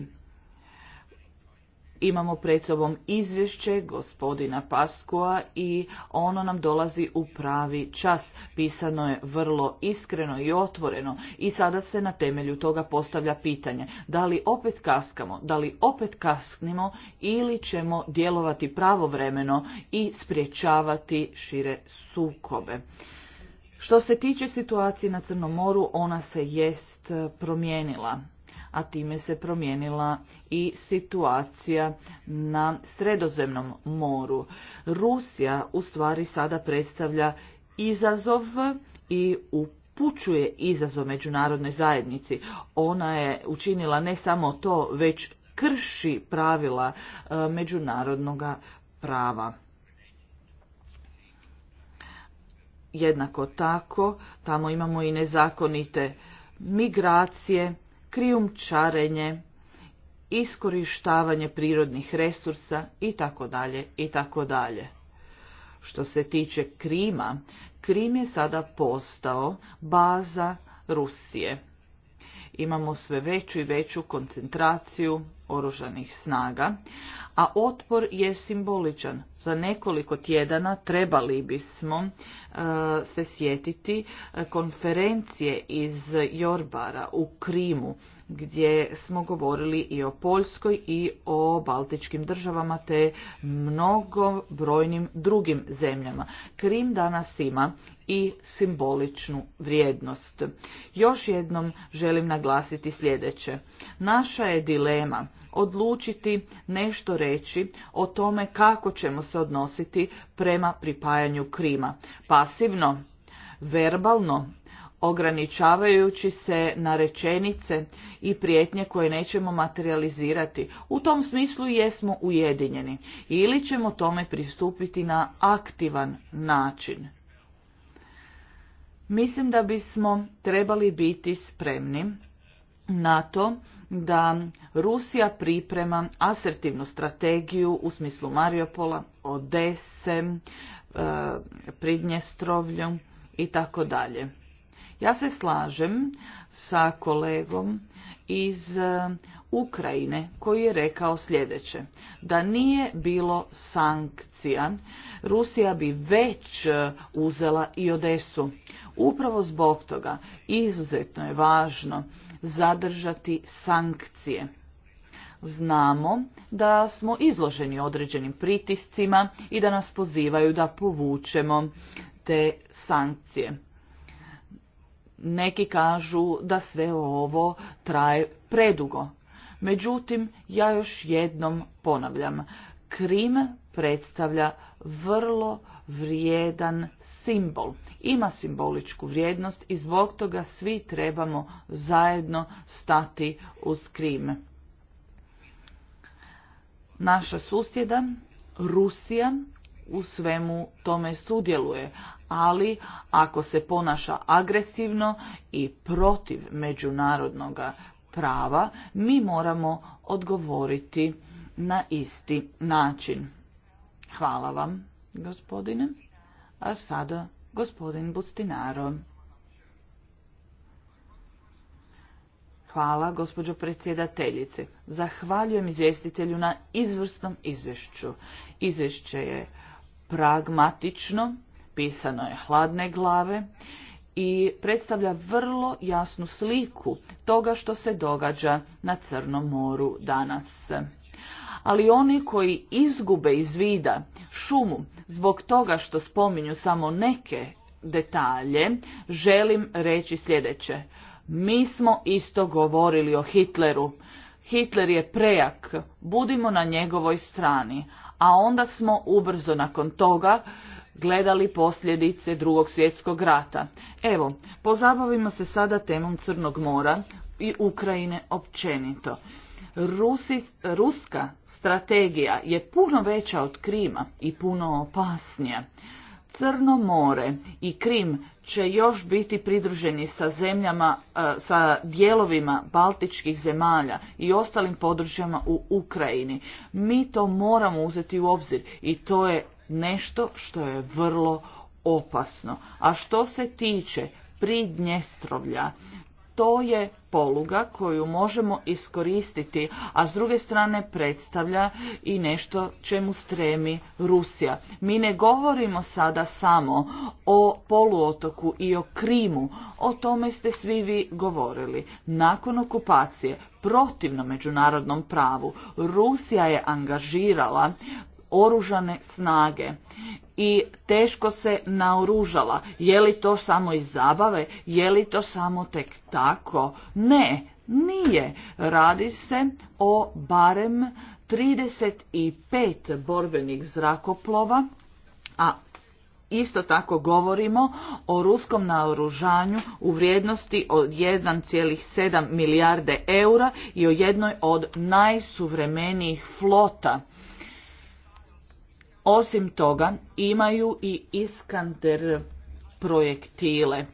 Imamo pred sobom izvješće gospodina Paskua i ono nam dolazi u pravi čas. Pisano je vrlo iskreno i otvoreno i sada se na temelju toga postavlja pitanje da li opet kaskamo, da li opet kasnimo ili ćemo djelovati pravovremeno i spriječavati šire sukobe. Što se tiče situacije na Crnom moru, ona se jest promijenila a time se promijenila i situacija na Sredozemnom moru. Rusija u stvari sada predstavlja izazov i upućuje izazov međunarodnoj zajednici. Ona je učinila ne samo to, već krši pravila e, međunarodnog prava. Jednako tako, tamo imamo i nezakonite migracije krijumčarenje, iskorištavanje prirodnih resursa i tako dalje i tako dalje. Što se tiče Krima, Krim je sada postao baza Rusije. Imamo sve veću i veću koncentraciju oružanih snaga, a otpor je simboličan. Za nekoliko tjedana trebali bismo e, se sjetiti e, konferencije iz Jorbara u Krimu, gdje smo govorili i o Poljskoj i o Baltičkim državama te mnogo brojnim drugim zemljama. Krim danas ima i simboličnu vrijednost. Još jednom želim naglasiti sljedeće. Naša je dilema odlučiti nešto reći o tome kako ćemo se odnositi prema pripajanju Krima. Pasivno, verbalno, ograničavajući se na rečenice i prijetnje koje nećemo materializirati. U tom smislu jesmo ujedinjeni ili ćemo tome pristupiti na aktivan način. Mislim da bismo trebali biti spremni na to da Rusija priprema asertivnu strategiju u smislu Mariupola, Odese, e, Pridnjestrovlju i tako dalje. Ja se slažem sa kolegom iz e, Ukrajine koji je rekao sljedeće, da nije bilo sankcija, Rusija bi već e, uzela i Odesu. Upravo zbog toga izuzetno je važno zadržati sankcije. Znamo da smo izloženi određenim pritiscima i da nas pozivaju da povučemo te sankcije. Neki kažu da sve ovo traje predugo. Međutim, ja još jednom ponavljam, Krim predstavlja vrlo vrijedan simbol. Ima simboličku vrijednost i zbog toga svi trebamo zajedno stati uz Krim. Naša susjeda, Rusija, u svemu tome sudjeluje, ali ako se ponaša agresivno i protiv međunarodnog prava, mi moramo odgovoriti na isti način. Hvala vam, gospodine. A sada gospodin Bustinaro. Hvala, gospođo predsjedateljice. Zahvaljujem izvjestitelju na izvrsnom izvješću. Izvješće je pragmatično, pisano je hladne glave i predstavlja vrlo jasnu sliku toga što se događa na Crnom moru danas ali oni koji izgube iz vida šumu zbog toga što spominju samo neke detalje, želim reći sljedeće. Mi smo isto govorili o Hitleru. Hitler je prejak, budimo na njegovoj strani, a onda smo ubrzo nakon toga gledali posljedice drugog svjetskog rata. Evo, pozabavimo se sada temom Crnog mora i Ukrajine općenito ruska strategija je puno veća od Krima i puno opasnija. Crno more i Krim će još biti pridruženi sa zemljama, e, sa dijelovima baltičkih zemalja i ostalim područjama u Ukrajini. Mi to moramo uzeti u obzir i to je nešto što je vrlo opasno. A što se tiče Pridnjestrovlja, to je poluga koju možemo iskoristiti, a s druge strane predstavlja i nešto čemu stremi Rusija. Mi ne govorimo sada samo o poluotoku i o Krimu, o tome ste svi vi govorili. Nakon okupacije protivno međunarodnom pravu Rusija je angažirala oružane snage i teško se naoružala. Je li to samo iz zabave? Je li to samo tek tako? Ne, nije. Radi se o barem 35 borbenih zrakoplova, a Isto tako govorimo o ruskom naoružanju u vrijednosti od 1,7 milijarde eura i o jednoj od najsuvremenijih flota osim toga imaju i iskander projektile.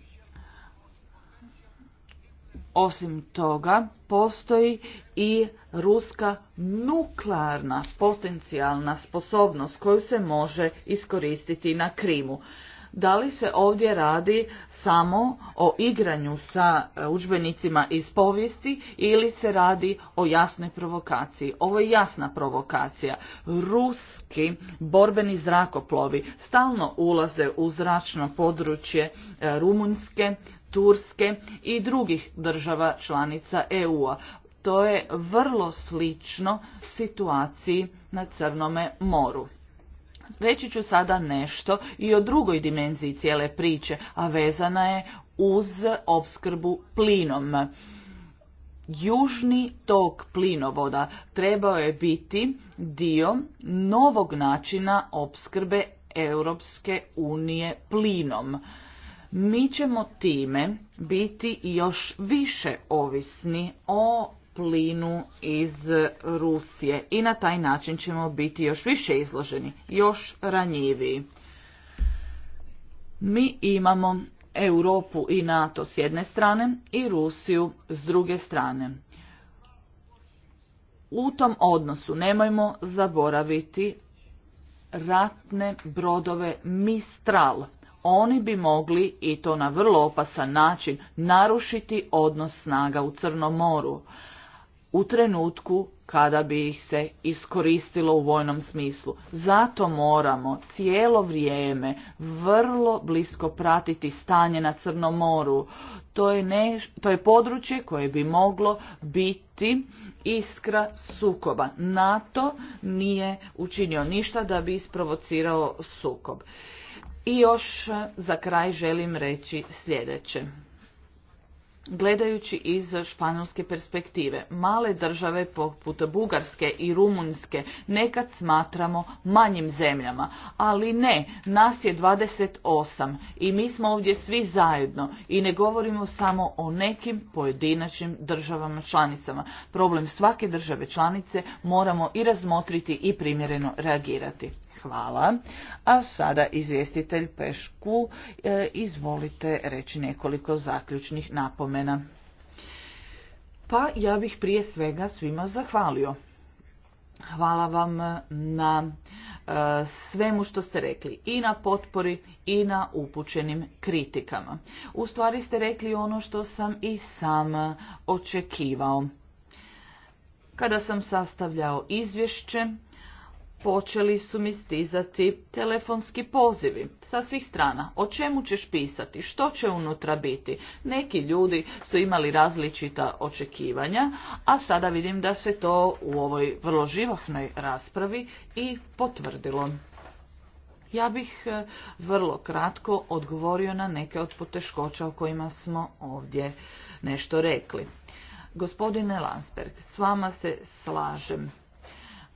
Osim toga postoji i ruska nuklearna potencijalna sposobnost koju se može iskoristiti na Krimu da li se ovdje radi samo o igranju sa e, udžbenicima iz povijesti ili se radi o jasnoj provokaciji. Ovo je jasna provokacija. Ruski borbeni zrakoplovi stalno ulaze u zračno područje e, Rumunjske, Turske i drugih država članica EU-a. To je vrlo slično situaciji na Crnome moru. Reći ću sada nešto i o drugoj dimenziji cijele priče, a vezana je uz opskrbu plinom. Južni tok plinovoda trebao je biti dio novog načina opskrbe Europske unije plinom. Mi ćemo time biti još više ovisni o plinu iz Rusije i na taj način ćemo biti još više izloženi, još ranjiviji. Mi imamo Europu i NATO s jedne strane i Rusiju s druge strane. U tom odnosu nemojmo zaboraviti ratne brodove Mistral. Oni bi mogli, i to na vrlo opasan način, narušiti odnos snaga u Crnom moru u trenutku kada bi ih se iskoristilo u vojnom smislu. Zato moramo cijelo vrijeme vrlo blisko pratiti stanje na Crnom moru. To je, ne, to je područje koje bi moglo biti iskra sukoba. NATO nije učinio ništa da bi isprovocirao sukob. I još za kraj želim reći sljedeće. Gledajući iz španjolske perspektive, male države poput Bugarske i Rumunjske nekad smatramo manjim zemljama, ali ne, nas je 28 i mi smo ovdje svi zajedno i ne govorimo samo o nekim pojedinačnim državama članicama. Problem svake države članice moramo i razmotriti i primjereno reagirati. Hvala. A sada izvjestitelj Pešku, e, izvolite reći nekoliko zaključnih napomena. Pa ja bih prije svega svima zahvalio. Hvala vam na e, svemu što ste rekli i na potpori i na upućenim kritikama. U stvari ste rekli ono što sam i sam očekivao. Kada sam sastavljao izvješće, počeli su mi stizati telefonski pozivi sa svih strana. O čemu ćeš pisati? Što će unutra biti? Neki ljudi su imali različita očekivanja, a sada vidim da se to u ovoj vrlo živahnoj raspravi i potvrdilo. Ja bih e, vrlo kratko odgovorio na neke od poteškoća o kojima smo ovdje nešto rekli. Gospodine Lansberg, s vama se slažem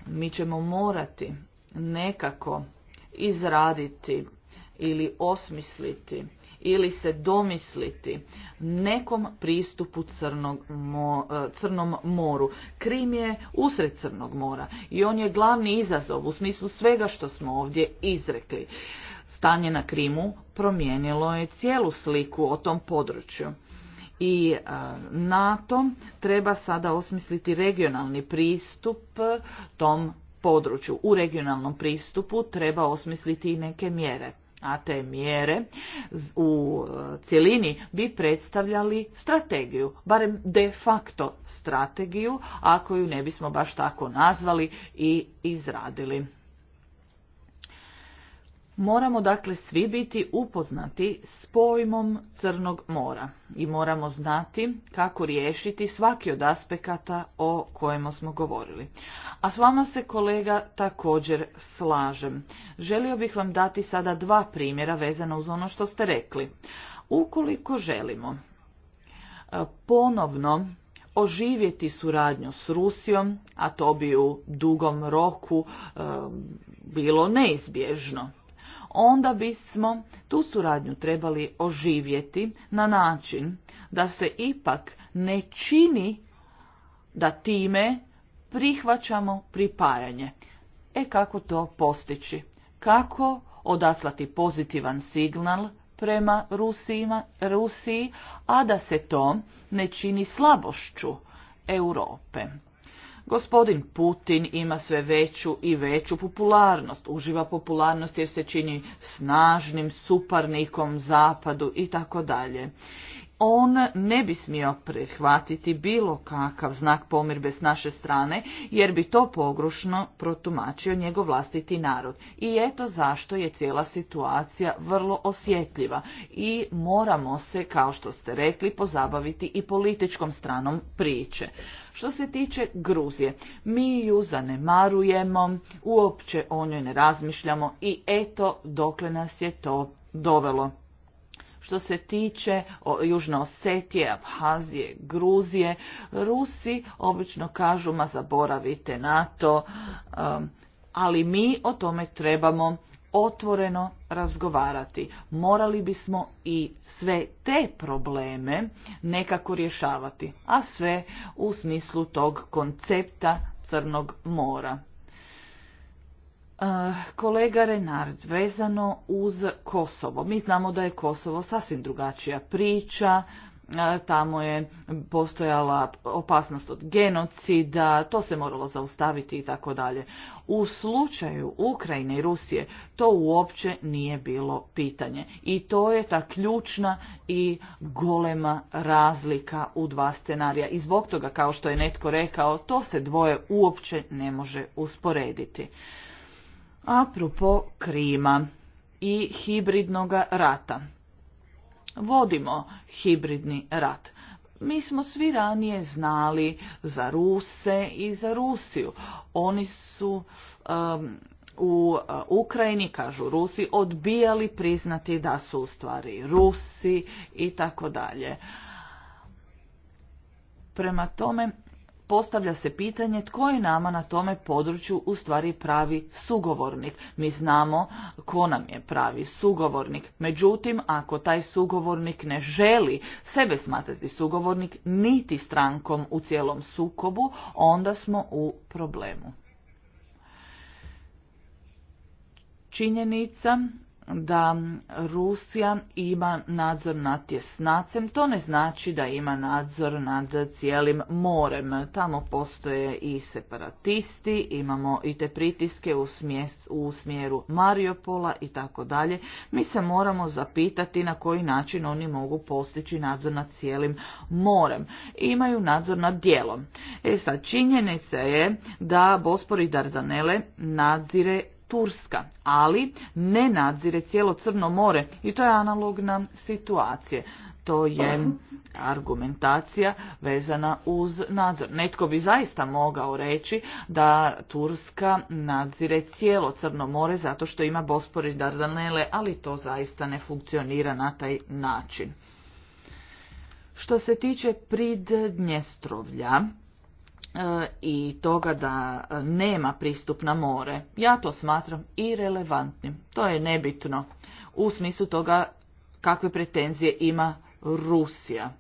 mi ćemo morati nekako izraditi ili osmisliti ili se domisliti nekom pristupu crnog e, Crnom moru. Krim je usred Crnog mora i on je glavni izazov u smislu svega što smo ovdje izrekli. Stanje na Krimu promijenilo je cijelu sliku o tom području i e, NATO treba sada osmisliti regionalni pristup tom području. U regionalnom pristupu treba osmisliti i neke mjere a te mjere u e, cjelini bi predstavljali strategiju, barem de facto strategiju, ako ju ne bismo baš tako nazvali i izradili. Moramo dakle svi biti upoznati s pojmom Crnog mora i moramo znati kako riješiti svaki od aspekata o kojima smo govorili. A s vama se kolega također slažem. Želio bih vam dati sada dva primjera vezano uz ono što ste rekli. Ukoliko želimo e, ponovno oživjeti suradnju s Rusijom, a to bi u dugom roku e, bilo neizbježno onda bismo tu suradnju trebali oživjeti na način da se ipak ne čini da time prihvaćamo pripajanje. E kako to postići? Kako odaslati pozitivan signal prema Rusijima, Rusiji, a da se to ne čini slabošću Europe? Gospodin Putin ima sve veću i veću popularnost, uživa popularnost jer se čini snažnim suparnikom zapadu i tako dalje on ne bi smio prihvatiti bilo kakav znak pomirbe s naše strane, jer bi to pogrušno protumačio njegov vlastiti narod. I eto zašto je cijela situacija vrlo osjetljiva i moramo se, kao što ste rekli, pozabaviti i političkom stranom priče. Što se tiče Gruzije, mi ju zanemarujemo, uopće o njoj ne razmišljamo i eto dokle nas je to dovelo. Što se tiče Južne Osetije, Abhazije, Gruzije, Rusi obično kažu ma zaboravite NATO, um, ali mi o tome trebamo otvoreno razgovarati. Morali bismo i sve te probleme nekako rješavati, a sve u smislu tog koncepta Crnog mora. Eh, kolega Renard, vezano uz Kosovo. Mi znamo da je Kosovo sasvim drugačija priča, eh, tamo je postojala opasnost od genocida, to se moralo zaustaviti i tako dalje. U slučaju Ukrajine i Rusije to uopće nije bilo pitanje i to je ta ključna i golema razlika u dva scenarija i zbog toga kao što je netko rekao to se dvoje uopće ne može usporediti apropo Krima i hibridnog rata. Vodimo hibridni rat. Mi smo svi ranije znali za Ruse i za Rusiju. Oni su um, u uh, Ukrajini, kažu Rusi, odbijali priznati da su u stvari Rusi i tako dalje. Prema tome, postavlja se pitanje tko je nama na tome području u stvari pravi sugovornik. Mi znamo ko nam je pravi sugovornik. Međutim, ako taj sugovornik ne želi sebe smatrati sugovornik niti strankom u cijelom sukobu, onda smo u problemu. Činjenica da Rusija ima nadzor nad tjesnacem, to ne znači da ima nadzor nad cijelim morem. Tamo postoje i separatisti, imamo i te pritiske u, u smjeru Mariopola i tako dalje. Mi se moramo zapitati na koji način oni mogu postići nadzor nad cijelim morem. Imaju nadzor nad dijelom. E sad, činjenica je da Bospor i Dardanele nadzire Turska, ali ne nadzire cijelo Crno more i to je analogna situacija. To je argumentacija vezana uz nadzor. Netko bi zaista mogao reći da Turska nadzire cijelo Crno more zato što ima Bospor i Dardanele, ali to zaista ne funkcionira na taj način. Što se tiče pridnjestrovlja, E, i toga da e, nema pristup na more. Ja to smatram irelevantnim. To je nebitno u smislu toga kakve pretenzije ima Rusija.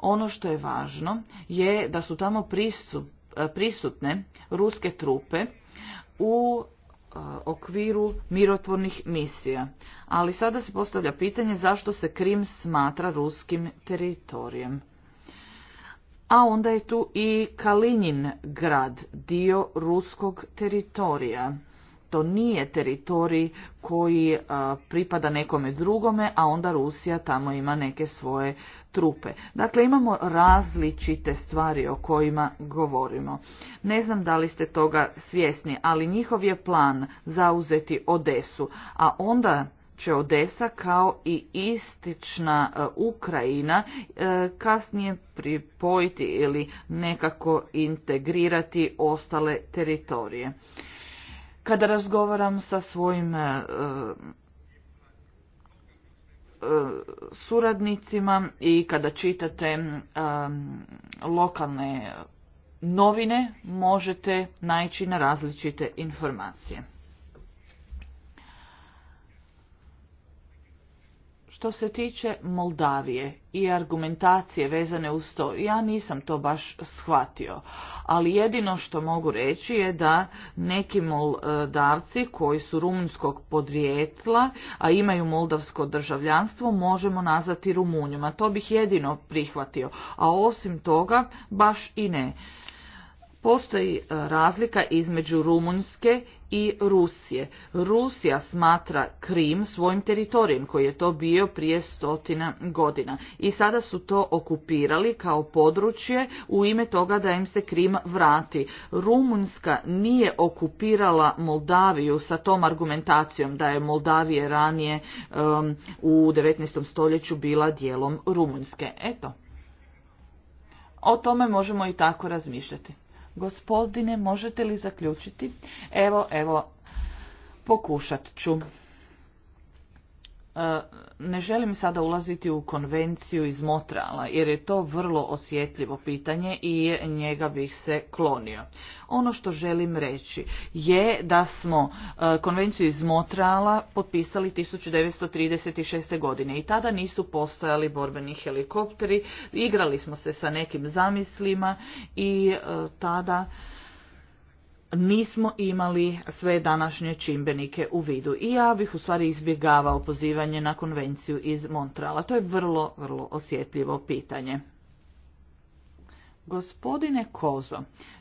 Ono što je važno je da su tamo e, prisutne ruske trupe u okviru mirotvornih misija. Ali sada se postavlja pitanje zašto se Krim smatra ruskim teritorijem a onda je tu i Kalinjin grad, dio ruskog teritorija. To nije teritorij koji pripada nekome drugome, a onda Rusija tamo ima neke svoje trupe. Dakle, imamo različite stvari o kojima govorimo. Ne znam da li ste toga svjesni, ali njihov je plan zauzeti Odesu, a onda će Odesa kao i istična e, Ukrajina e, kasnije pripojiti ili nekako integrirati ostale teritorije. Kada razgovaram sa svojim e, suradnicima i kada čitate lokalne novine možete naći na različite informacije. Što se tiče Moldavije i argumentacije vezane uz to, ja nisam to baš shvatio, ali jedino što mogu reći je da neki Moldavci koji su rumunskog podrijetla, a imaju moldavsko državljanstvo, možemo nazvati Rumunjima. To bih jedino prihvatio, a osim toga baš i ne. Postoji e, razlika između Rumunjske i Rusije. Rusija smatra Krim svojim teritorijem koji je to bio prije stotina godina i sada su to okupirali kao područje u ime toga da im se Krim vrati. Rumunjska nije okupirala Moldaviju sa tom argumentacijom da je Moldavije ranije u 19. stoljeću bila dijelom Rumunjske. Eto, o tome možemo i tako razmišljati. Gospodine, možete li zaključiti? Evo, evo, pokušat ću. E, ne želim sada ulaziti u konvenciju iz Motrala, jer je to vrlo osjetljivo pitanje i njega bih se klonio. Ono što želim reći je da smo e, konvenciju iz Motrala potpisali 1936. godine i tada nisu postojali borbeni helikopteri, igrali smo se sa nekim zamislima i e, tada nismo imali sve današnje čimbenike u vidu. I ja bih u stvari izbjegavao pozivanje na konvenciju iz Montrala. To je vrlo, vrlo osjetljivo pitanje. Gospodine Kozo,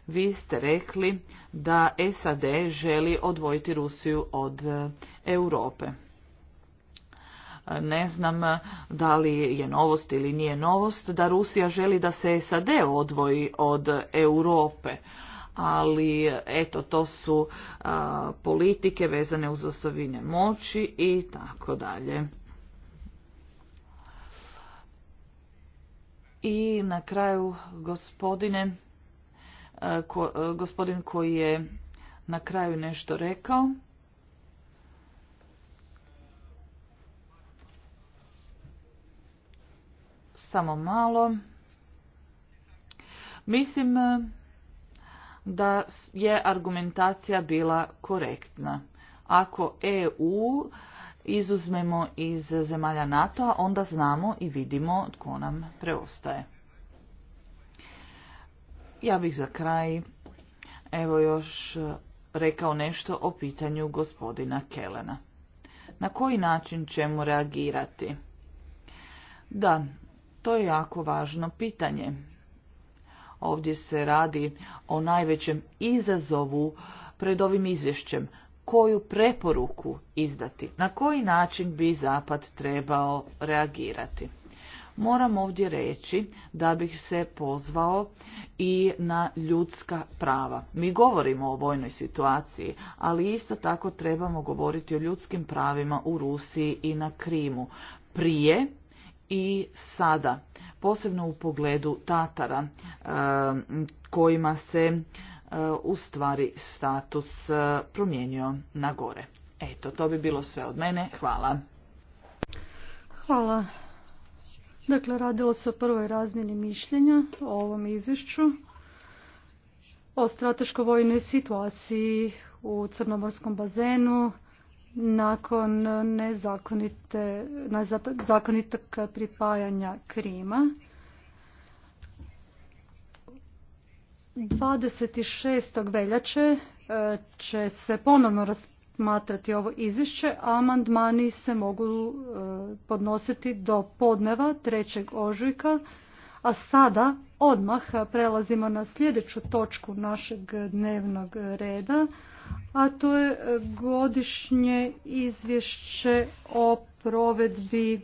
vi ste rekli da SAD želi odvojiti Rusiju od e, Europe. Ne znam e, da li je novost ili nije novost da Rusija želi da se SAD odvoji od Europe ali eto to su politike vezane uz osovine moći i tako dalje. I na kraju gospodine, gospodin koji je na kraju nešto rekao. Samo malo. Mislim da je argumentacija bila korektna. Ako EU izuzmemo iz zemalja NATO-a, onda znamo i vidimo tko nam preostaje. Ja bih za kraj evo još rekao nešto o pitanju gospodina Kelena. Na koji način ćemo reagirati? Da, to je jako važno pitanje. Ovdje se radi o najvećem izazovu pred ovim izvješćem. Koju preporuku izdati? Na koji način bi Zapad trebao reagirati? Moram ovdje reći da bih se pozvao i na ljudska prava. Mi govorimo o vojnoj situaciji, ali isto tako trebamo govoriti o ljudskim pravima u Rusiji i na Krimu. Prije i sada, posebno u pogledu Tatara e, kojima se e, u stvari status e, promijenio na gore. Eto, to bi bilo sve od mene. Hvala. Hvala. Dakle, radilo se o prvoj razmjeni mišljenja o ovom izvješću o strateško-vojnoj situaciji u Crnomorskom bazenu, nakon nezakonite, nezakonitog pripajanja Krima. 26. veljače e, će se ponovno razmatrati ovo izvješće, a amandmani se mogu e, podnositi do podneva 3. ožujka, a sada odmah prelazimo na sljedeću točku našeg dnevnog reda a to je e, godišnje izvješće o provedbi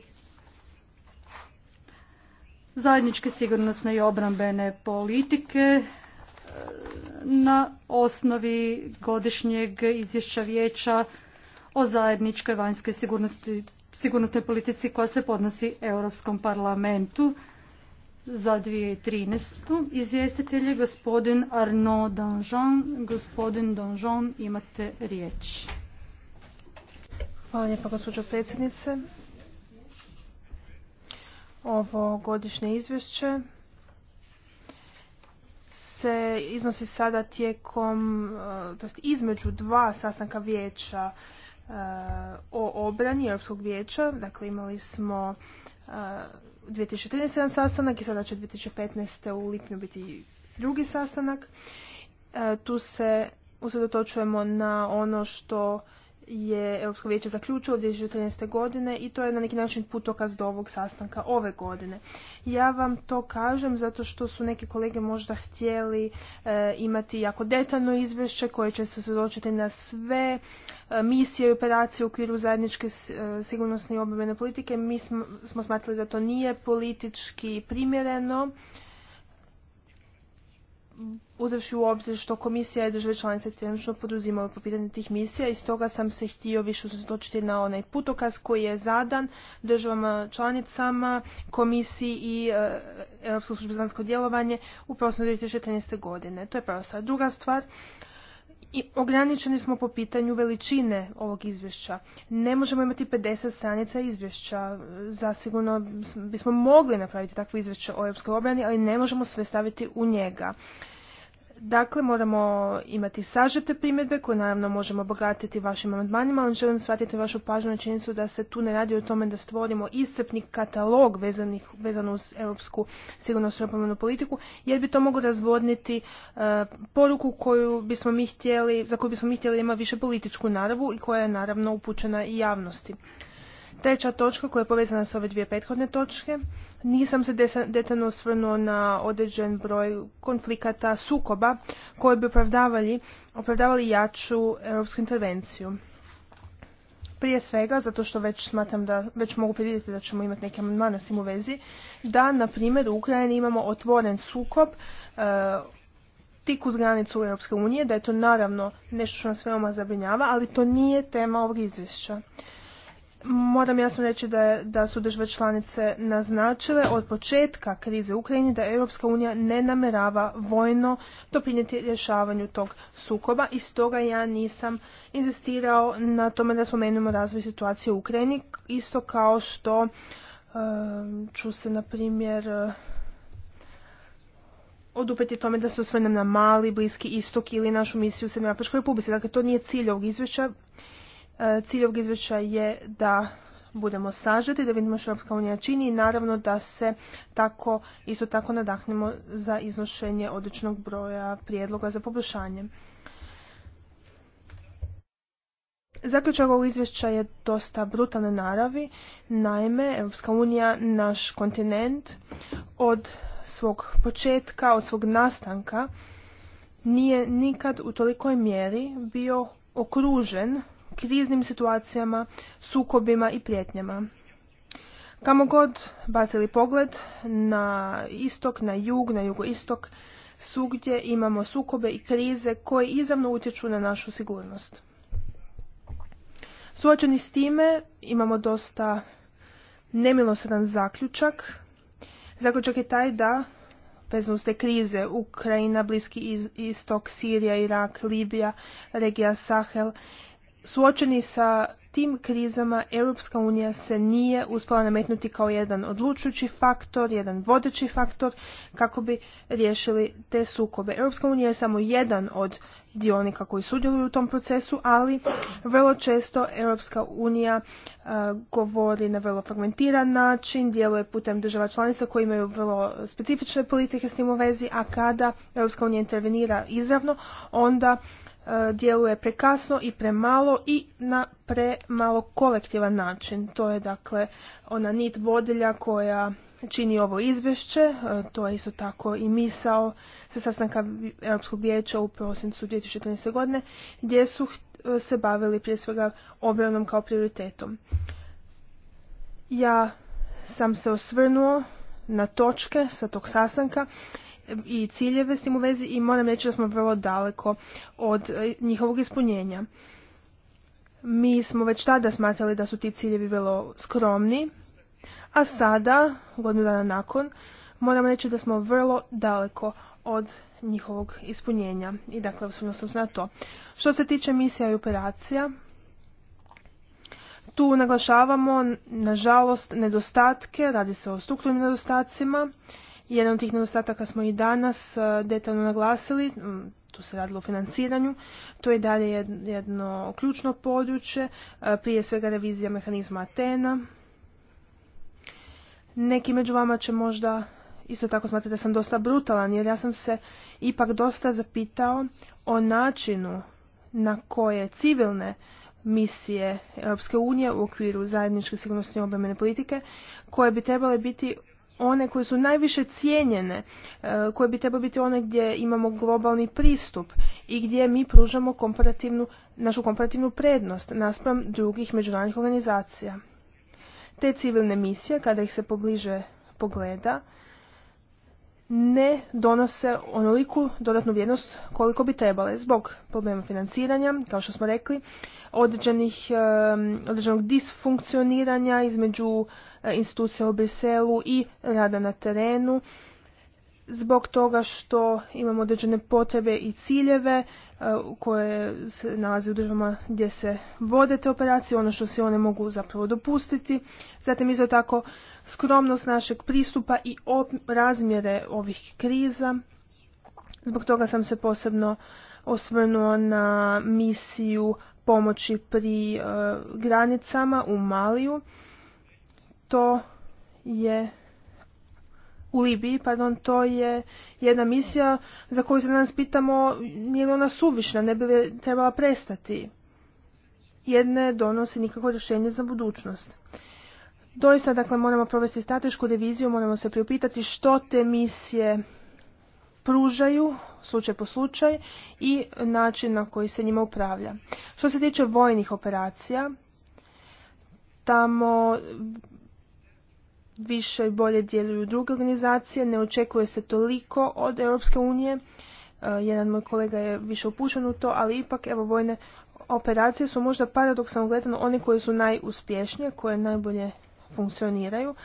zajedničke sigurnosne i obrambene politike e, na osnovi godišnjeg izvješća vijeća o zajedničkoj vanjskoj sigurnosti, sigurnosnoj politici koja se podnosi Europskom parlamentu za 2013. Izvjestitelj je gospodin Arnaud Danjean. Gospodin Danjean, imate riječ. Hvala lijepa, gospođo predsjednice. Ovo godišnje izvješće se iznosi sada tijekom, eh, to između dva sastanka vijeća eh, o obrani Europskog vijeća. Dakle, imali smo 2013. jedan sastanak i sada će 2015. u lipnju biti drugi sastanak. E, tu se usredotočujemo na ono što je Europsko vijeće zaključilo 2014. godine i to je na neki način putokaz do ovog sastanka ove godine. Ja vam to kažem zato što su neki kolege možda htjeli e, imati jako detaljno izvješće koje će se sredočiti na sve e, misije i operacije u okviru zajedničke e, sigurnosne i obrambene politike. Mi smo, smo smatrali da to nije politički primjereno uzevši u obzir što komisija i države članice trenutno poduzimaju po pitanju tih misija i stoga sam se htio više usredotočiti na onaj putokaz koji je zadan državama članicama, komisiji i službe Europskog službe djelovanje u prosincu 2013. godine. To je prva stvar. Druga stvar, i ograničeni smo po pitanju veličine ovog izvješća. Ne možemo imati 50 stranica izvješća. Zasigurno bismo mogli napraviti takvo izvješće o europskoj obrani, ali ne možemo sve staviti u njega. Dakle, moramo imati sažete primjedbe koje naravno možemo obogatiti vašim amandmanima, ali želim shvatiti vašu pažnju na činjenicu da se tu ne radi o tome da stvorimo iscrpni katalog vezanih, vezan uz europsku sigurnosnu opomenu politiku, jer bi to moglo razvodniti e, poruku koju bismo mi htjeli, za koju bismo mi htjeli ima više političku naravu i koja je naravno upućena i javnosti. Treća točka koja je povezana s ove dvije prethodne točke. Nisam se detaljno osvrnuo na određen broj konflikata, sukoba koji bi opravdavali, jaču europsku intervenciju. Prije svega, zato što već smatram da, već mogu predvidjeti da ćemo imati neke amandmane s tim u vezi, da, na primjer, u Ukrajini imamo otvoren sukob e, tik uz granicu EU, unije, da je to naravno nešto što nas veoma zabrinjava, ali to nije tema ovog izvješća. Moram jasno reći da, da su države članice naznačile od početka krize u Ukrajini da Europska unija ne namerava vojno doprinijeti rješavanju tog sukoba i stoga ja nisam inzistirao na tome da spomenemo razvoj situacije u Ukrajini, isto kao što e, ću se na primjer e, odupeti tome da se osvrnem na mali, bliski istok ili našu misiju u Srednjoj Republici. Dakle, to nije cilj ovog izvješća Cilj ovog izvješća je da budemo sažeti, da vidimo što Europska unija čini i naravno da se tako, isto tako nadahnemo za iznošenje odličnog broja prijedloga za poboljšanje. Zaključak ovog izvješća je dosta brutalne naravi. Naime, Europska unija, naš kontinent, od svog početka, od svog nastanka, nije nikad u tolikoj mjeri bio okružen kriznim situacijama, sukobima i prijetnjama. Kamo god bacili pogled na istok, na jug, na jugoistok, svugdje imamo sukobe i krize koje izravno utječu na našu sigurnost. Suočeni s time imamo dosta nemilosredan zaključak. Zaključak je taj da, vezano krize, Ukrajina, Bliski istok, Sirija, Irak, Libija, regija Sahel suočeni sa tim krizama Europska unija se nije uspjela nametnuti kao jedan odlučujući faktor, jedan vodeći faktor kako bi riješili te sukobe. Europska unija je samo jedan od dionika koji sudjeluju u tom procesu, ali vrlo često Europska unija e, govori na vrlo fragmentiran način, djeluje putem država članica koji imaju vrlo specifične politike s tim u vezi, a kada Europska unija intervenira izravno, onda E, djeluje prekasno i premalo i na premalo kolektivan način. To je dakle ona nit vodilja koja čini ovo izvješće, e, to je isto tako i misao sa sastanka Europskog vijeća u prosincu 2014. godine, gdje su e, se bavili prije svega obranom kao prioritetom. Ja sam se osvrnuo na točke sa tog sastanka i ciljeve s tim u vezi i moram reći da smo vrlo daleko od e, njihovog ispunjenja. Mi smo već tada smatrali da su ti ciljevi vrlo skromni, a sada, godinu dana nakon, moram reći da smo vrlo daleko od njihovog ispunjenja. I dakle, osvrnuo sam se na to. Što se tiče misija i operacija, tu naglašavamo, nažalost, nedostatke, radi se o strukturnim nedostacima jedan od tih nedostataka smo i danas e, detaljno naglasili, tu se radilo o financiranju. To je dalje jedno ključno područje, e, prije svega revizija mehanizma Atena. Neki među vama će možda isto tako smatrati da sam dosta brutalan, jer ja sam se ipak dosta zapitao o načinu na koje civilne misije Europske unije u okviru zajedničke sigurnosne obrambene politike koje bi trebale biti one koje su najviše cijenjene, e, koje bi trebalo biti one gdje imamo globalni pristup i gdje mi pružamo našu komparativnu prednost naspram drugih međunarodnih organizacija. Te civilne misije, kada ih se pobliže pogleda, ne donose onoliku dodatnu vrijednost koliko bi trebale zbog problema financiranja, kao što smo rekli, određenog disfunkcioniranja između e, institucija u Briselu i rada na terenu zbog toga što imamo određene potrebe i ciljeve e, koje se nalaze u državama gdje se vode te operacije, ono što se one mogu zapravo dopustiti. Zatim isto tako skromnost našeg pristupa i razmjere ovih kriza. Zbog toga sam se posebno osvrnuo na misiju pomoći pri e, granicama u Maliju. To je u Libiji, pardon, to je jedna misija za koju se danas pitamo nije li ona suvišna, ne bi li trebala prestati. Jedne donosi nikakvo rješenje za budućnost. Doista, dakle, moramo provesti stratešku reviziju, moramo se priupitati što te misije pružaju, slučaj po slučaj, i način na koji se njima upravlja. Što se tiče vojnih operacija, tamo više i bolje djeluju druge organizacije, ne očekuje se toliko od Europske unije. E, jedan moj kolega je više upušen u to, ali ipak evo vojne operacije su možda paradoksalno gledano one koje su najuspješnije, koje najbolje funkcioniraju,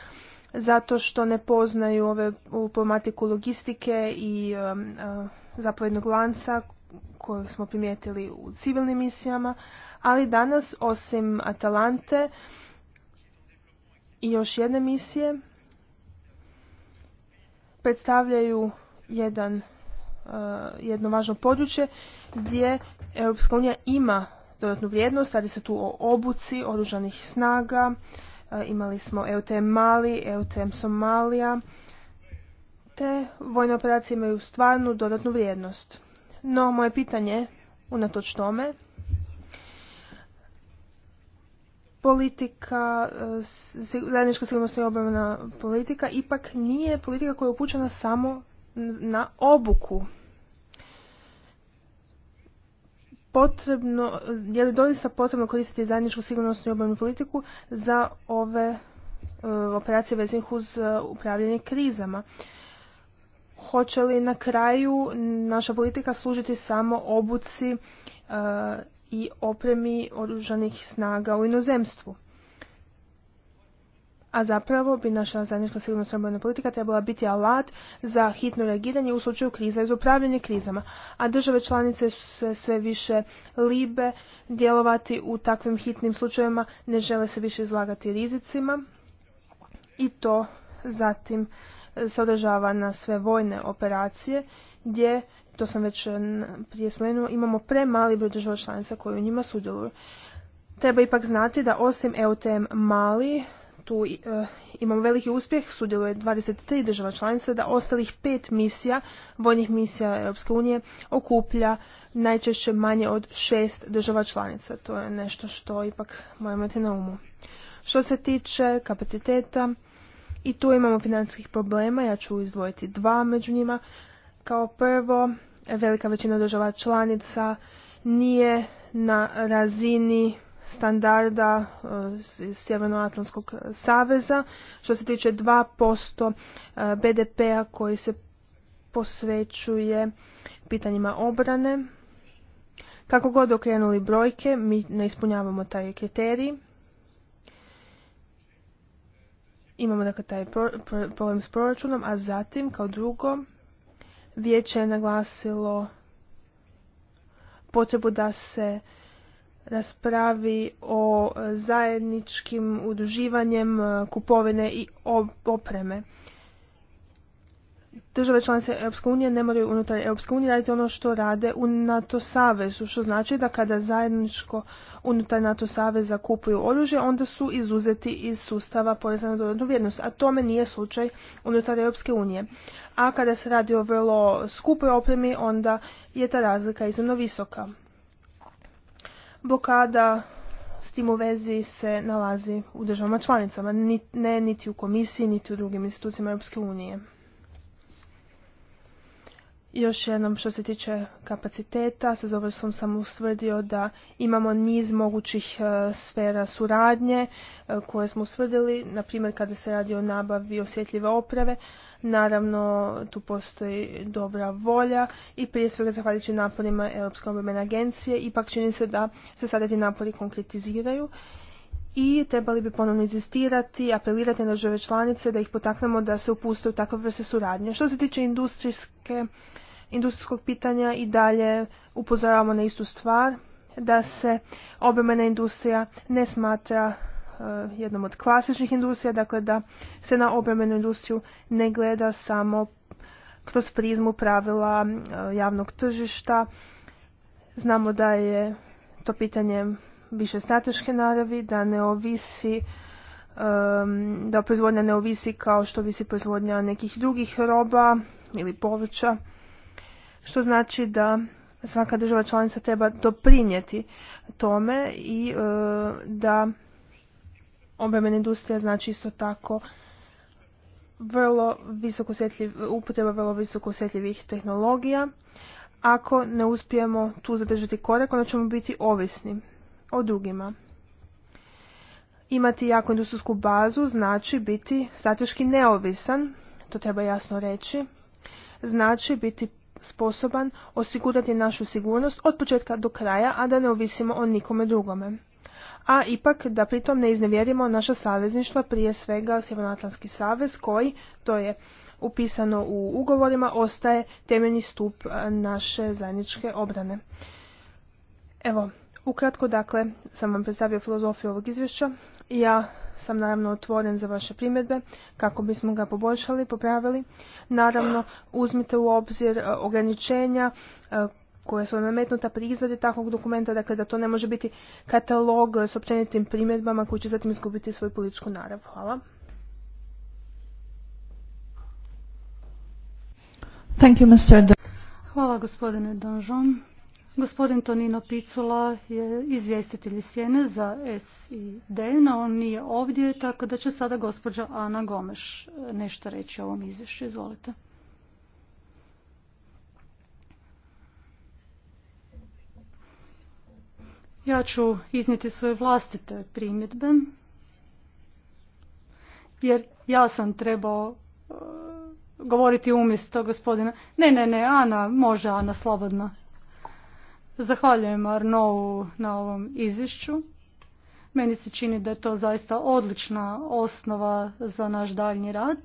zato što ne poznaju ove ovu problematiku logistike i um, zapovjednog lanca koju smo primijetili u civilnim misijama, ali danas osim Atalante i još jedne misije predstavljaju jedan, eh, jedno važno područje gdje Europska unija ima dodatnu vrijednost, radi se tu o obuci oružanih snaga, eh, imali smo EUTM Mali, EUTM Somalija, te vojne operacije imaju stvarnu dodatnu vrijednost. No, moje pitanje, unatoč tome, politika, e, zajednička sigurnosna i obavna politika ipak nije politika koja je upućena samo na obuku. Potrebno, je li doista potrebno koristiti zajedničku sigurnosnu i obavnu politiku za ove e, operacije vezanih uz e, upravljanje krizama? Hoće li na kraju naša politika služiti samo obuci i opremi oružanih snaga u inozemstvu. A zapravo bi naša zajednička sigurnost politika trebala biti alat za hitno reagiranje u slučaju kriza i za upravljanje krizama. A države članice se sve više libe djelovati u takvim hitnim slučajevima, ne žele se više izlagati rizicima i to zatim se održava na sve vojne operacije gdje to sam već e, prije spomenuo, imamo premali broj država članica koji u njima sudjeluju. Treba ipak znati da osim EUTM Mali, tu e, imamo veliki uspjeh, sudjeluje 23 država članica, da ostalih pet misija, vojnih misija Europske unije, okuplja najčešće manje od šest država članica. To je nešto što ipak moramo imati na umu. Što se tiče kapaciteta, i tu imamo financijskih problema, ja ću izdvojiti dva među njima. Kao prvo, velika većina država članica nije na razini standarda e, Sjevernoatlantskog saveza što se tiče 2% e, BDP-a koji se posvećuje pitanjima obrane. Kako god okrenuli brojke, mi ne ispunjavamo taj kriterij. Imamo dakle taj problem s proračunom, a zatim kao drugo Vijeće je naglasilo potrebu da se raspravi o zajedničkim udruživanjem kupovine i opreme države članice Europske unije ne moraju unutar Europske unije raditi ono što rade u NATO savezu, što znači da kada zajedničko unutar NATO saveza kupuju oružje, onda su izuzeti iz sustava poreza na dodatnu vrijednost, a tome nije slučaj unutar Europske unije. A kada se radi o vrlo skupoj opremi, onda je ta razlika iznimno visoka. Blokada s tim u vezi se nalazi u državama članicama, ne niti u komisiji, niti u drugim institucijama Europske unije. Još jednom što se tiče kapaciteta, sa zadovoljstvom sam usvrdio da imamo niz mogućih e, sfera suradnje e, koje smo usvrdili, na primjer kada se radi o nabavi osjetljive oprave, naravno tu postoji dobra volja i prije svega zahvaljujući naporima Europske obrambene agencije, ipak čini se da se sada ti napori konkretiziraju i trebali bi ponovno inzistirati, apelirati na države članice da ih potaknemo da se upuste u takve vrste suradnje. Što se tiče industrijske, industrijskog pitanja i dalje upozoravamo na istu stvar, da se obrambena industrija ne smatra e, jednom od klasičnih industrija, dakle da se na obrambenu industriju ne gleda samo kroz prizmu pravila e, javnog tržišta. Znamo da je to pitanje više strateške naravi, da ne ovisi da proizvodnja ne ovisi kao što visi proizvodnja nekih drugih roba ili povrća, što znači da svaka država članica treba doprinijeti tome i eh, da obrambena industrija znači isto tako vrlo visoko osjetljiv, upotreba vrlo visoko osjetljivih tehnologija. Ako ne uspijemo tu zadržati korak, onda ćemo biti ovisni o drugima. Imati jako industrijsku bazu znači biti strateški neovisan, to treba jasno reći, znači biti sposoban osigurati našu sigurnost od početka do kraja, a da ne ovisimo o nikome drugome. A ipak da pritom ne iznevjerimo naša savezništva, prije svega Sjevernoatlantski savez koji, to je upisano u ugovorima, ostaje temeljni stup e, naše zajedničke obrane. Evo, Ukratko, dakle, sam vam predstavio filozofiju ovog izvješća i ja sam naravno otvoren za vaše primjedbe kako bismo ga poboljšali, popravili. Naravno, uzmite u obzir e, ograničenja e, koja su nametnuta pri izradi takvog dokumenta, dakle da to ne može biti katalog s općenitim primjedbama koji će zatim izgubiti svoju političku narav. Hvala. Hvala gospodine Donžon. Gospodin Tonino Picula je izvjestitelj sjene za SID, no on nije ovdje, tako da će sada gospođa Ana Gomeš eh, nešto reći o ovom izvješću. Izvolite. Ja ću iznijeti svoje vlastite primjedbe, jer ja sam trebao eh, govoriti umjesto gospodina. Ne, ne, ne, Ana, može Ana slobodno. Zahvaljujem Arnovu na ovom izvješću. Meni se čini da je to zaista odlična osnova za naš daljnji rad.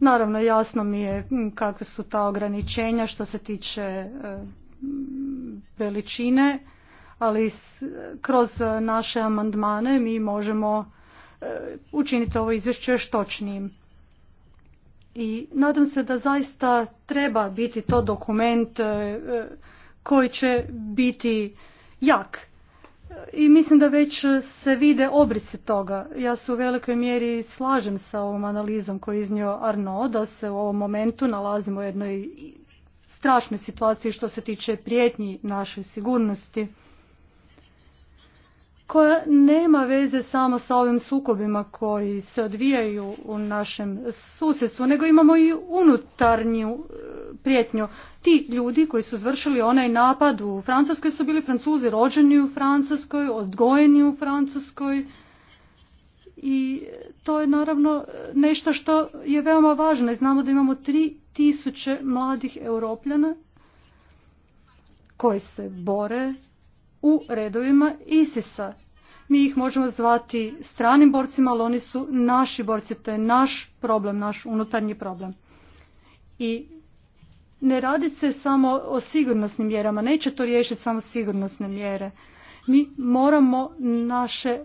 Naravno, jasno mi je kakve su ta ograničenja što se tiče e, veličine, ali kroz naše amandmane mi možemo e, učiniti ovo izvješće još točnijim. I nadam se da zaista treba biti to dokument e, koji će biti jak. I mislim da već se vide obrisi toga. Ja se u velikoj mjeri slažem sa ovom analizom koju je iznio Arno, da se u ovom momentu nalazimo u jednoj strašnoj situaciji što se tiče prijetnji našoj sigurnosti koja nema veze samo sa ovim sukobima koji se odvijaju u našem susjedstvu, nego imamo i unutarnju e, prijetnju. Ti ljudi koji su izvršili onaj napad u Francuskoj su bili Francuzi rođeni u Francuskoj, odgojeni u Francuskoj i to je naravno nešto što je veoma važno znamo da imamo 3000 mladih europljana koji se bore u redovima ISIS-a. Mi ih možemo zvati stranim borcima, ali oni su naši borci. To je naš problem, naš unutarnji problem. I ne radi se samo o sigurnosnim mjerama. Neće to riješiti samo sigurnosne mjere. Mi moramo naše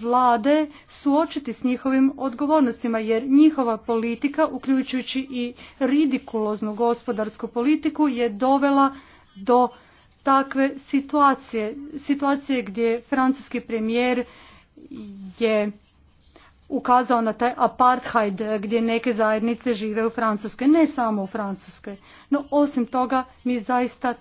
vlade suočiti s njihovim odgovornostima, jer njihova politika, uključujući i ridikuloznu gospodarsku politiku, je dovela do takve situacije, situacije gdje francuski premijer je ukazao na taj apartheid gdje neke zajednice žive u Francuskoj, ne samo u Francuskoj. No osim toga mi zaista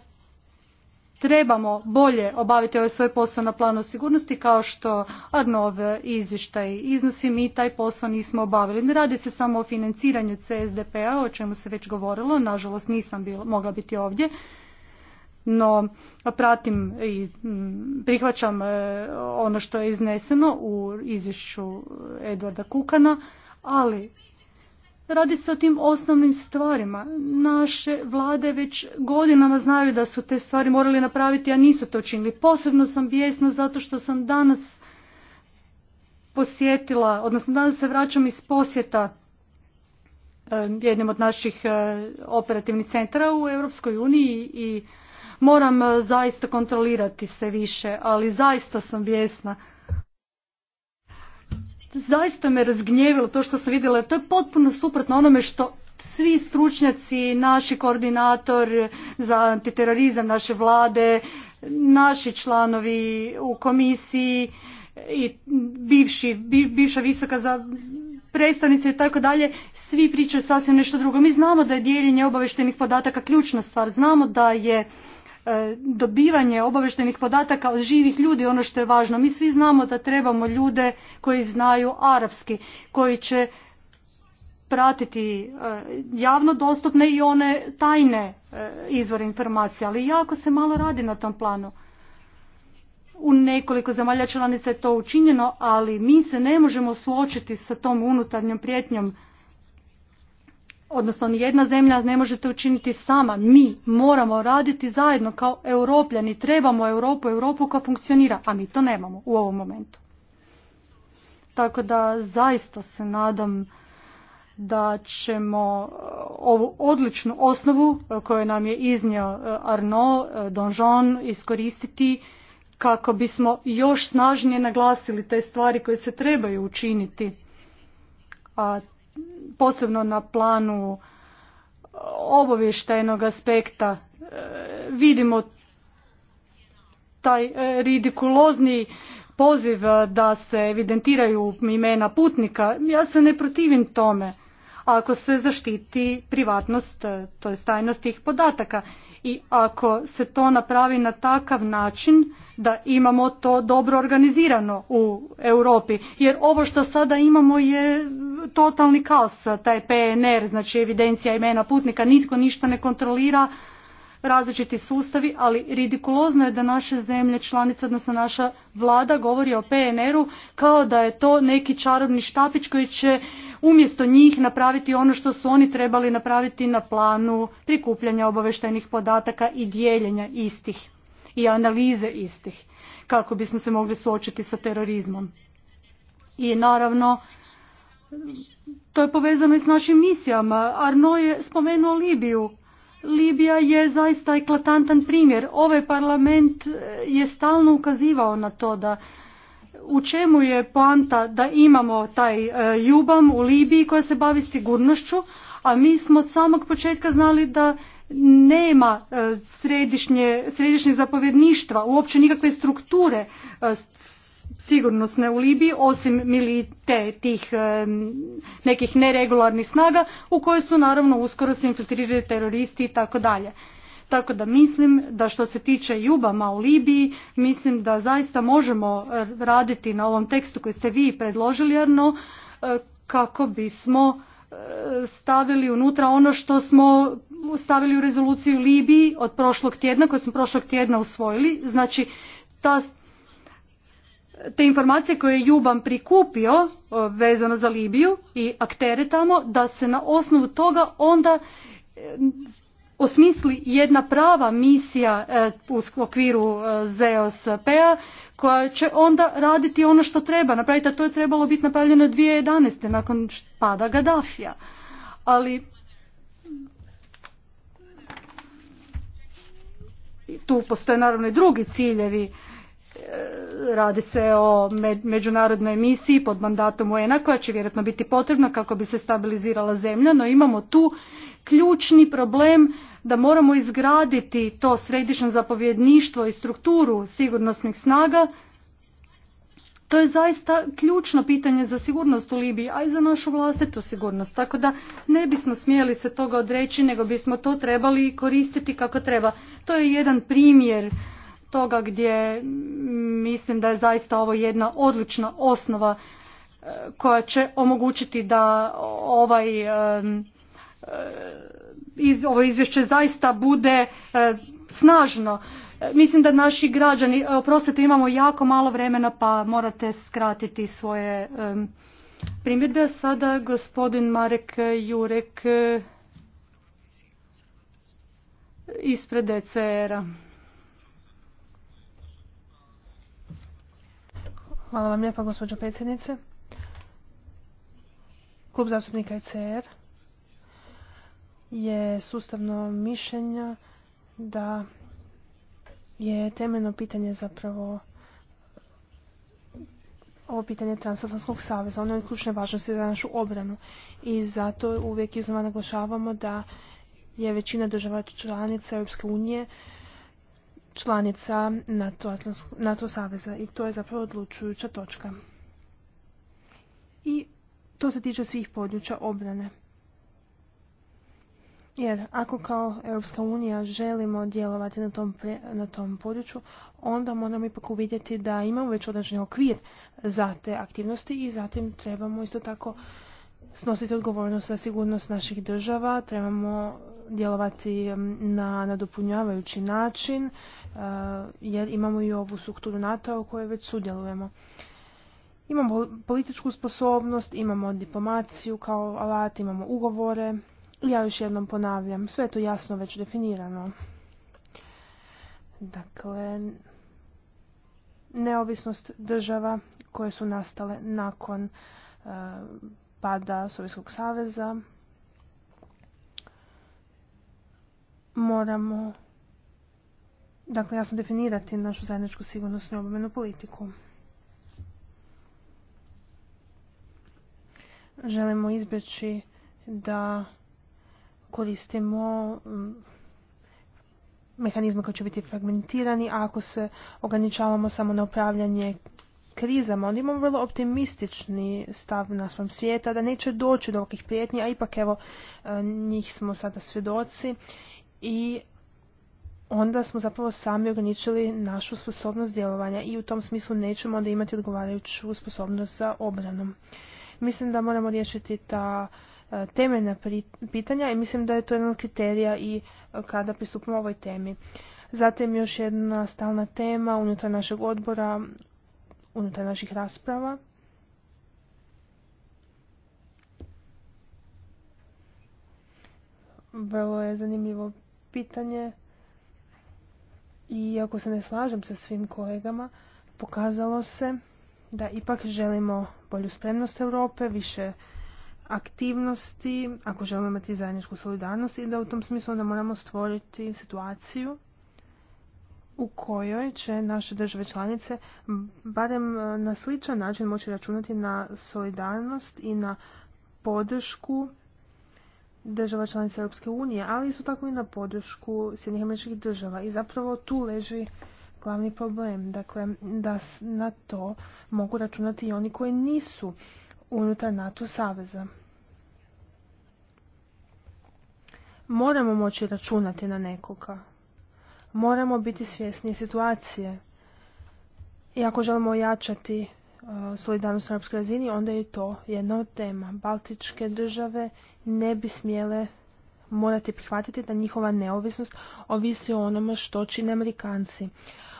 trebamo bolje obaviti ovaj svoj posao na planu sigurnosti kao što Arnov izvještaj iznosi mi taj posao nismo obavili. Ne radi se samo o financiranju CSDP-a o čemu se već govorilo, nažalost nisam mogla biti ovdje no pratim i mm, prihvaćam e, ono što je izneseno u izvješću Edvarda Kukana, ali radi se o tim osnovnim stvarima. Naše vlade već godinama znaju da su te stvari morali napraviti, a nisu to činili. Posebno sam bijesna zato što sam danas posjetila, odnosno danas se vraćam iz posjeta e, jednim od naših e, operativnih centara u Europskoj uniji i moram e, zaista kontrolirati se više, ali zaista sam vjesna. Zaista me razgnjevilo to što sam vidjela, to je potpuno suprotno onome što svi stručnjaci, naši koordinator za antiterorizam, naše vlade, naši članovi u komisiji i bivši, bivša visoka za predstavnice i tako dalje, svi pričaju sasvim nešto drugo. Mi znamo da je dijeljenje obaveštenih podataka ključna stvar, znamo da je E, dobivanje obavještajnih podataka od živih ljudi ono što je važno. Mi svi znamo da trebamo ljude koji znaju arapski, koji će pratiti e, javno dostupne i one tajne e, izvore informacija, ali jako se malo radi na tom planu. U nekoliko zemalja članica je to učinjeno, ali mi se ne možemo suočiti sa tom unutarnjom prijetnjom odnosno jedna zemlja ne možete učiniti sama. Mi moramo raditi zajedno kao europljani. Trebamo Europu, Europu koja funkcionira, a mi to nemamo u ovom momentu. Tako da zaista se nadam da ćemo e, ovu odličnu osnovu e, koju nam je iznio e, Arnaud, Donjon iskoristiti kako bismo još snažnije naglasili te stvari koje se trebaju učiniti. A posebno na planu obavještajnog aspekta e, vidimo taj e, ridikulozni poziv da se evidentiraju imena putnika, ja se ne protivim tome ako se zaštiti privatnost, e, to je tajnost tih podataka i ako se to napravi na takav način da imamo to dobro organizirano u Europi jer ovo što sada imamo je totalni kaos taj PNR znači evidencija imena putnika nitko ništa ne kontrolira različiti sustavi, ali ridikulozno je da naše zemlje članice, odnosno naša vlada govori o PNR-u kao da je to neki čarobni štapić koji će umjesto njih napraviti ono što su oni trebali napraviti na planu prikupljanja obaveštenih podataka i dijeljenja istih i analize istih kako bismo se mogli suočiti sa terorizmom. I naravno, to je povezano i s našim misijama. Arno je spomenuo Libiju. Libija je zaista eklatantan primjer. Ovaj parlament je stalno ukazivao na to da u čemu je poanta da imamo taj e, Jubam u Libiji koja se bavi sigurnošću, a mi smo od samog početka znali da nema e, središnje, zapovjedništva, uopće nikakve strukture e, sigurnosne u Libiji, osim milite tih nekih neregularnih snaga u koje su naravno uskoro se infiltrirali teroristi i tako dalje. Tako da mislim da što se tiče Jubama u Libiji, mislim da zaista možemo e, raditi na ovom tekstu koji ste vi predložili, Arno, e, kako bismo e, stavili unutra ono što smo stavili u rezoluciju Libiji od prošlog tjedna, koju smo prošlog tjedna usvojili. Znači, ta, te informacije koje je Juban prikupio vezano za Libiju i aktere tamo, da se na osnovu toga onda osmisli jedna prava misija e, u okviru e, ZOSP-a koja će onda raditi ono što treba napraviti, a to je trebalo biti napravljeno 2011. nakon pada Gaddafija. Ali tu postoje naravno i drugi ciljevi e, radi se o međunarodnoj misiji pod mandatom un koja će vjerojatno biti potrebna kako bi se stabilizirala zemlja, no imamo tu ključni problem da moramo izgraditi to središnje zapovjedništvo i strukturu sigurnosnih snaga. To je zaista ključno pitanje za sigurnost u Libiji, a i za našu vlastitu sigurnost. Tako da ne bismo smjeli se toga odreći, nego bismo to trebali koristiti kako treba. To je jedan primjer toga gdje mm, mislim da je zaista ovo jedna odlična osnova e, koja će omogućiti da ovaj E, iz, ovo izvješće zaista bude e, snažno. E, mislim da naši građani, oprostite, imamo jako malo vremena pa morate skratiti svoje primjedbe. Sada gospodin Marek Jurek ispred DCR-a. Hvala vam lijepa, gospođo predsjednice. Klub zastupnika ECR je sustavno mišljenja da je temeljno pitanje zapravo ovo pitanje Transatlantskog saveza. Ono je ključne važnosti za našu obranu i zato uvijek iznova naglašavamo da je većina država članica Europske unije članica NATO, NATO saveza i to je zapravo odlučujuća točka. I to se tiče svih područja obrane. Jer ako kao Europska unija želimo djelovati na tom, na tom području, onda moramo ipak uvidjeti da imamo već određeni okvir za te aktivnosti i zatim trebamo isto tako snositi odgovornost za sigurnost naših država, trebamo djelovati na nadopunjavajući način, eh, jer imamo i ovu strukturu NATO u kojoj već sudjelujemo. Imamo političku sposobnost, imamo diplomaciju kao alat, imamo ugovore, ja još jednom ponavljam, sve je to jasno već definirano. Dakle, neovisnost država koje su nastale nakon e, pada Sovjetskog saveza. Moramo dakle jasno definirati našu zajedničku sigurnosnu i obrambenu politiku. Želimo izbjeći da koristimo mm, mehanizme koji će biti fragmentirani, ako se ograničavamo samo na upravljanje krizama, onda imamo vrlo optimistični stav na svom svijeta, da neće doći do ovakvih prijetnji, a ipak evo e, njih smo sada svjedoci i onda smo zapravo sami ograničili našu sposobnost djelovanja i u tom smislu nećemo onda imati odgovarajuću sposobnost za obranom. Mislim da moramo riješiti ta E, temeljna pitanja i mislim da je to jedan od kriterija i e, kada pristupimo ovoj temi. Zatim još jedna stalna tema unutar našeg odbora, unutar naših rasprava. Vrlo je zanimljivo pitanje. i ako se ne slažem sa svim kolegama, pokazalo se da ipak želimo bolju spremnost Europe, više aktivnosti, ako želimo imati zajedničku solidarnost i da u tom smislu onda moramo stvoriti situaciju u kojoj će naše države članice barem e, na sličan način moći računati na solidarnost i na podršku država članica Europske unije, ali isto tako i na podršku Sjednih američkih država. I zapravo tu leži glavni problem, dakle da na to mogu računati i oni koji nisu unutar NATO saveza. moramo moći računati na nekoga. Moramo biti svjesni situacije. I ako želimo ojačati e, solidarnost na europskoj razini, onda je to jedna od tema. Baltičke države ne bi smjele morati prihvatiti da njihova neovisnost ovisi o onome što čine Amerikanci.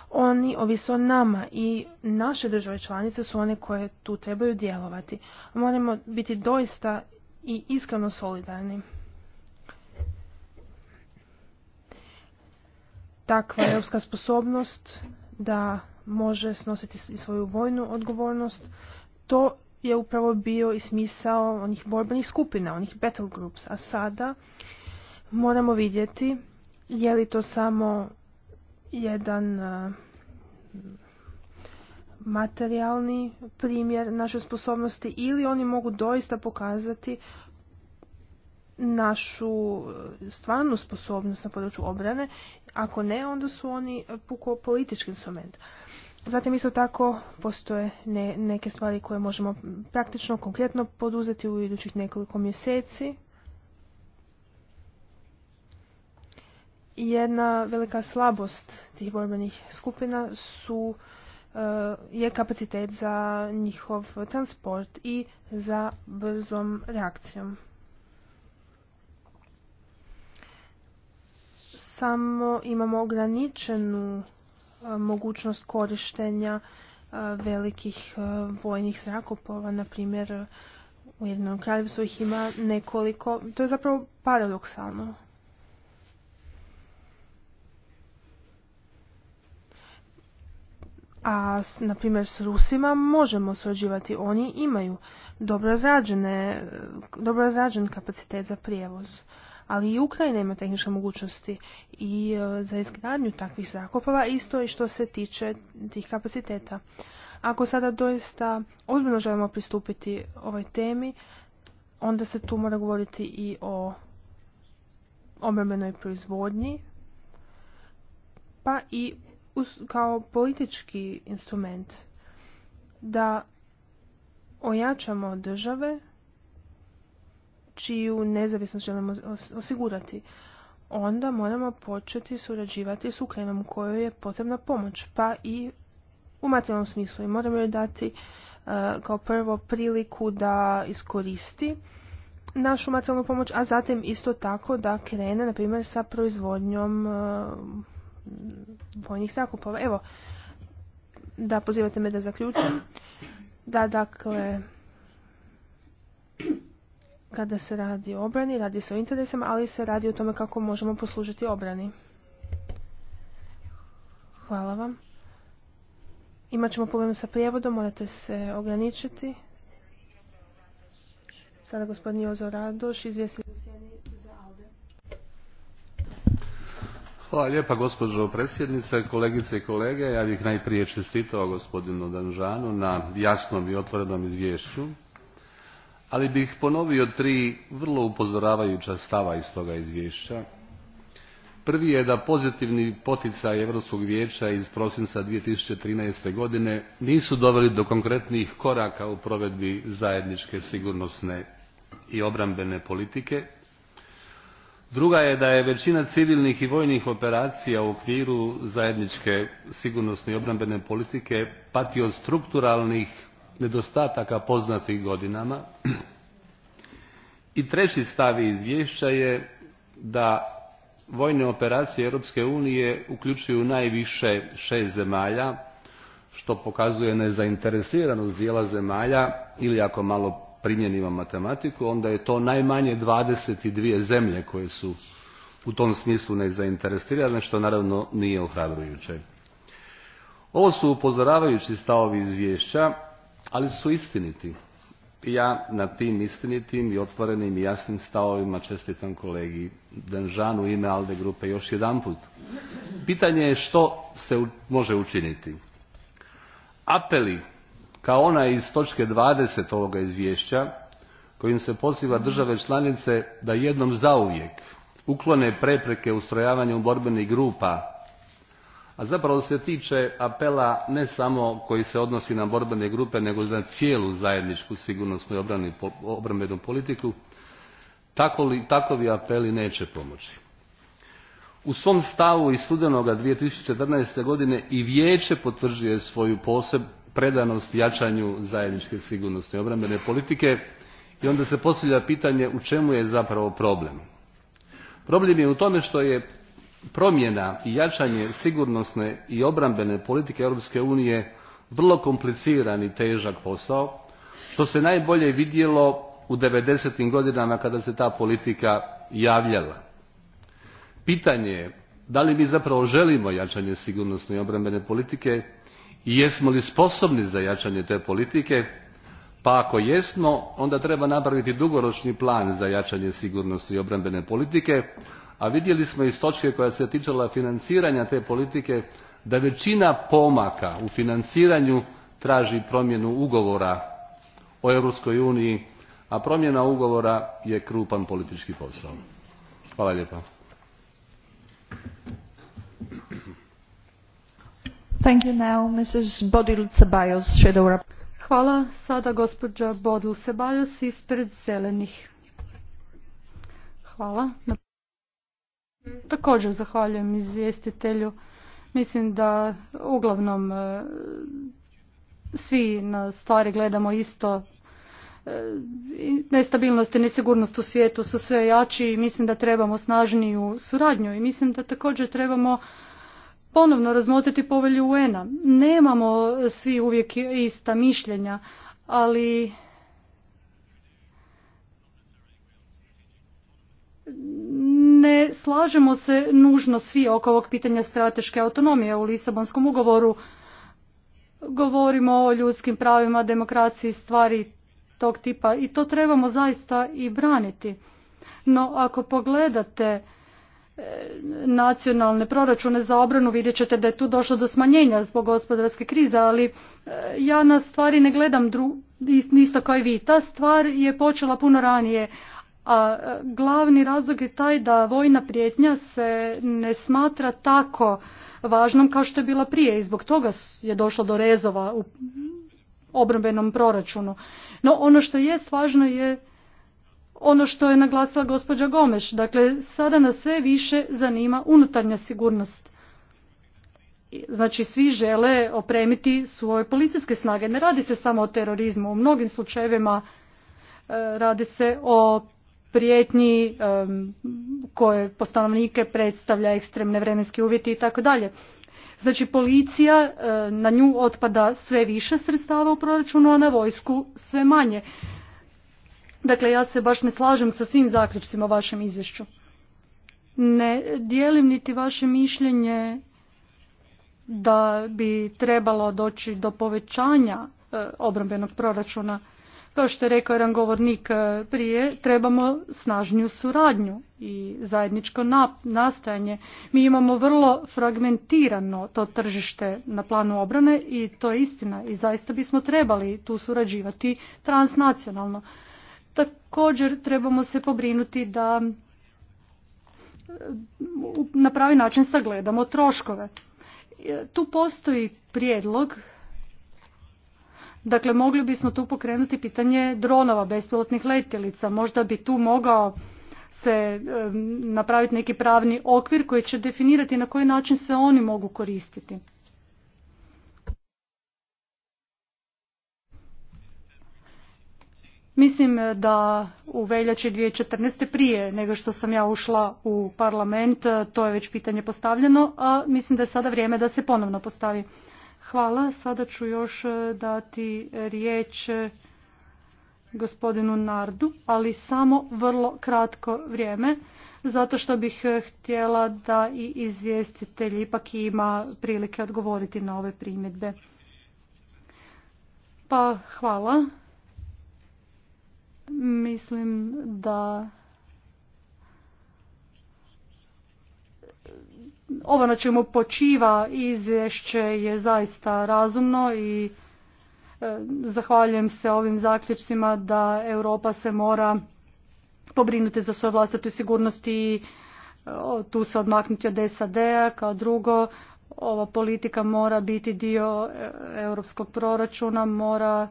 Oni ovise o nama i naše države članice su one koje tu trebaju djelovati. Moramo biti doista i iskreno solidarni. takva europska sposobnost da može snositi i svoju vojnu odgovornost, to je upravo bio i smisao onih borbenih skupina, onih battle groups. A sada moramo vidjeti je li to samo jedan e, materijalni primjer naše sposobnosti ili oni mogu doista pokazati našu e, stvarnu sposobnost na području obrane ako ne, onda su oni eh, puko politički instrument. Zatim isto tako postoje ne, neke stvari koje možemo praktično, konkretno poduzeti u idućih nekoliko mjeseci. Jedna velika slabost tih borbenih skupina su eh, je kapacitet za njihov transport i za brzom reakcijom. samo imamo ograničenu mogućnost korištenja velikih vojnih zrakoplova, na primjer u jednom kraljevstvu ih ima nekoliko, to je zapravo paradoksalno. A, na primjer, s Rusima možemo surađivati. Oni imaju dobro razrađen e, kapacitet za prijevoz ali i Ukrajina ima tehničke mogućnosti i e, za izgradnju takvih zrakoplova isto i što se tiče tih kapaciteta. Ako sada doista ozbiljno želimo pristupiti ovoj temi, onda se tu mora govoriti i o obrambenoj proizvodnji, pa i kao politički instrument da ojačamo države čiju nezavisnost želimo osigurati, onda moramo početi surađivati s Ukrajinom kojoj je potrebna pomoć, pa i u materijalnom smislu. I moramo joj dati e, kao prvo priliku da iskoristi našu materijalnu pomoć, a zatim isto tako da krene, na primjer, sa proizvodnjom e, vojnih zakupova. Evo, da pozivate me da zaključim. Da, dakle, kada se radi o obrani, radi se o interesima, ali se radi o tome kako možemo poslužiti obrani. Hvala vam. Imat ćemo problem sa prijevodom, morate se ograničiti. Sada gospodin Jozo Radoš, izvjestitelj za Alde. Hvala lijepa gospođo predsjednice, kolegice i kolege. Ja bih najprije čestitao gospodinu Danžanu na jasnom i otvorenom izvješću ali bih ponovio tri vrlo upozoravajuća stava iz toga izvješća. Prvi je da pozitivni poticaj Europskog vijeća iz prosinca 2013. godine nisu doveli do konkretnih koraka u provedbi zajedničke sigurnosne i obrambene politike. Druga je da je većina civilnih i vojnih operacija u okviru zajedničke sigurnosne i obrambene politike pati od strukturalnih nedostataka poznatih godinama. I treći stav izvješća je da vojne operacije Europske unije uključuju najviše šest zemalja, što pokazuje nezainteresiranost dijela zemalja ili ako malo primjenimo matematiku, onda je to najmanje 22 zemlje koje su u tom smislu nezainteresirane, što naravno nije ohrabrujuće. Ovo su upozoravajući stavovi izvješća ali su istiniti. Ja na tim istinitim i otvorenim i jasnim stavovima čestitam kolegi Danžanu ime Alde Grupe još jedanput. Pitanje je što se može učiniti. Apeli kao ona iz točke 20 ovoga izvješća kojim se poziva države članice da jednom zauvijek uklone prepreke ustrojavanju borbenih grupa a zapravo se tiče apela ne samo koji se odnosi na borbene grupe nego na cijelu zajedničku sigurnosnu i obrambenu politiku takovi apeli neće pomoći. U svom stavu iz studenoga 2014. godine i vijeće potvrđuje svoju poseb predanost jačanju zajedničke sigurnosne i obrambene politike i onda se postavlja pitanje u čemu je zapravo problem. Problem je u tome što je promjena i jačanje sigurnosne i obrambene politike Europske unije vrlo kompliciran i težak posao, što se najbolje vidjelo u 90. godinama kada se ta politika javljala. Pitanje je da li mi zapravo želimo jačanje sigurnosne i obrambene politike i jesmo li sposobni za jačanje te politike, pa ako jesmo onda treba napraviti dugoročni plan za jačanje sigurnosti i obrambene politike, a vidjeli smo iz točke koja se ticala financiranja te politike da većina pomaka u financiranju traži promjenu ugovora o europskoj uniji a promjena ugovora je krupan politički posao. Hvala lijepa. Hvala. Sada gospođa Bodil Sebajos ispred zelenih. Hvala. Također zahvaljujem izvjestitelju. Mislim da uglavnom e, svi na stvari gledamo isto. E, nestabilnost i nesigurnost u svijetu su sve jači i mislim da trebamo snažniju suradnju i mislim da također trebamo ponovno razmotriti povelju UN-a. Nemamo svi uvijek ista mišljenja, ali ne slažemo se nužno svi oko ovog pitanja strateške autonomije u Lisabonskom ugovoru. Govorimo o ljudskim pravima, demokraciji, stvari tog tipa i to trebamo zaista i braniti. No ako pogledate e, nacionalne proračune za obranu vidjet ćete da je tu došlo do smanjenja zbog gospodarske krize, ali e, ja na stvari ne gledam isto kao i vi. Ta stvar je počela puno ranije, a e, glavni razlog je taj da vojna prijetnja se ne smatra tako važnom kao što je bila prije i zbog toga je došlo do rezova u obrambenom proračunu. No ono što je važno je ono što je naglasila gospođa Gomeš. Dakle, sada nas sve više zanima unutarnja sigurnost. Znači, svi žele opremiti svoje policijske snage. Ne radi se samo o terorizmu. U mnogim slučajevima e, radi se o prijetnji koje po predstavlja ekstremne vremenske uvjeti i tako dalje. Znači policija, na nju otpada sve više sredstava u proračunu, a na vojsku sve manje. Dakle, ja se baš ne slažem sa svim zaključcima u vašem izvješću. Ne dijelim niti vaše mišljenje da bi trebalo doći do povećanja obrambenog proračuna kao što je rekao jedan govornik e, prije, trebamo snažniju suradnju i zajedničko nastajanje. Mi imamo vrlo fragmentirano to tržište na planu obrane i to je istina i zaista bismo trebali tu surađivati transnacionalno. Također trebamo se pobrinuti da e, na pravi način sagledamo troškove. E, tu postoji prijedlog Dakle, mogli bismo tu pokrenuti pitanje dronova, bespilotnih letjelica. Možda bi tu mogao se napraviti neki pravni okvir koji će definirati na koji način se oni mogu koristiti. Mislim eh, da u veljači 2014. prije nego što sam ja ušla u parlament, eh, to je već pitanje postavljeno, a mislim da je sada vrijeme da se ponovno postavi. Hvala. Sada ću još e, dati riječ e, gospodinu Nardu, ali samo vrlo kratko vrijeme, zato što bih e, htjela da i izvjestitelj ipak ima prilike odgovoriti na ove primjedbe. Pa hvala. Mislim da ovo na čemu počiva izvješće je zaista razumno i e, zahvaljujem se ovim zaključcima da Europa se mora pobrinuti za svoje vlastite sigurnosti i e, tu se odmaknuti od SAD-a kao drugo ova politika mora biti dio e, europskog proračuna, mora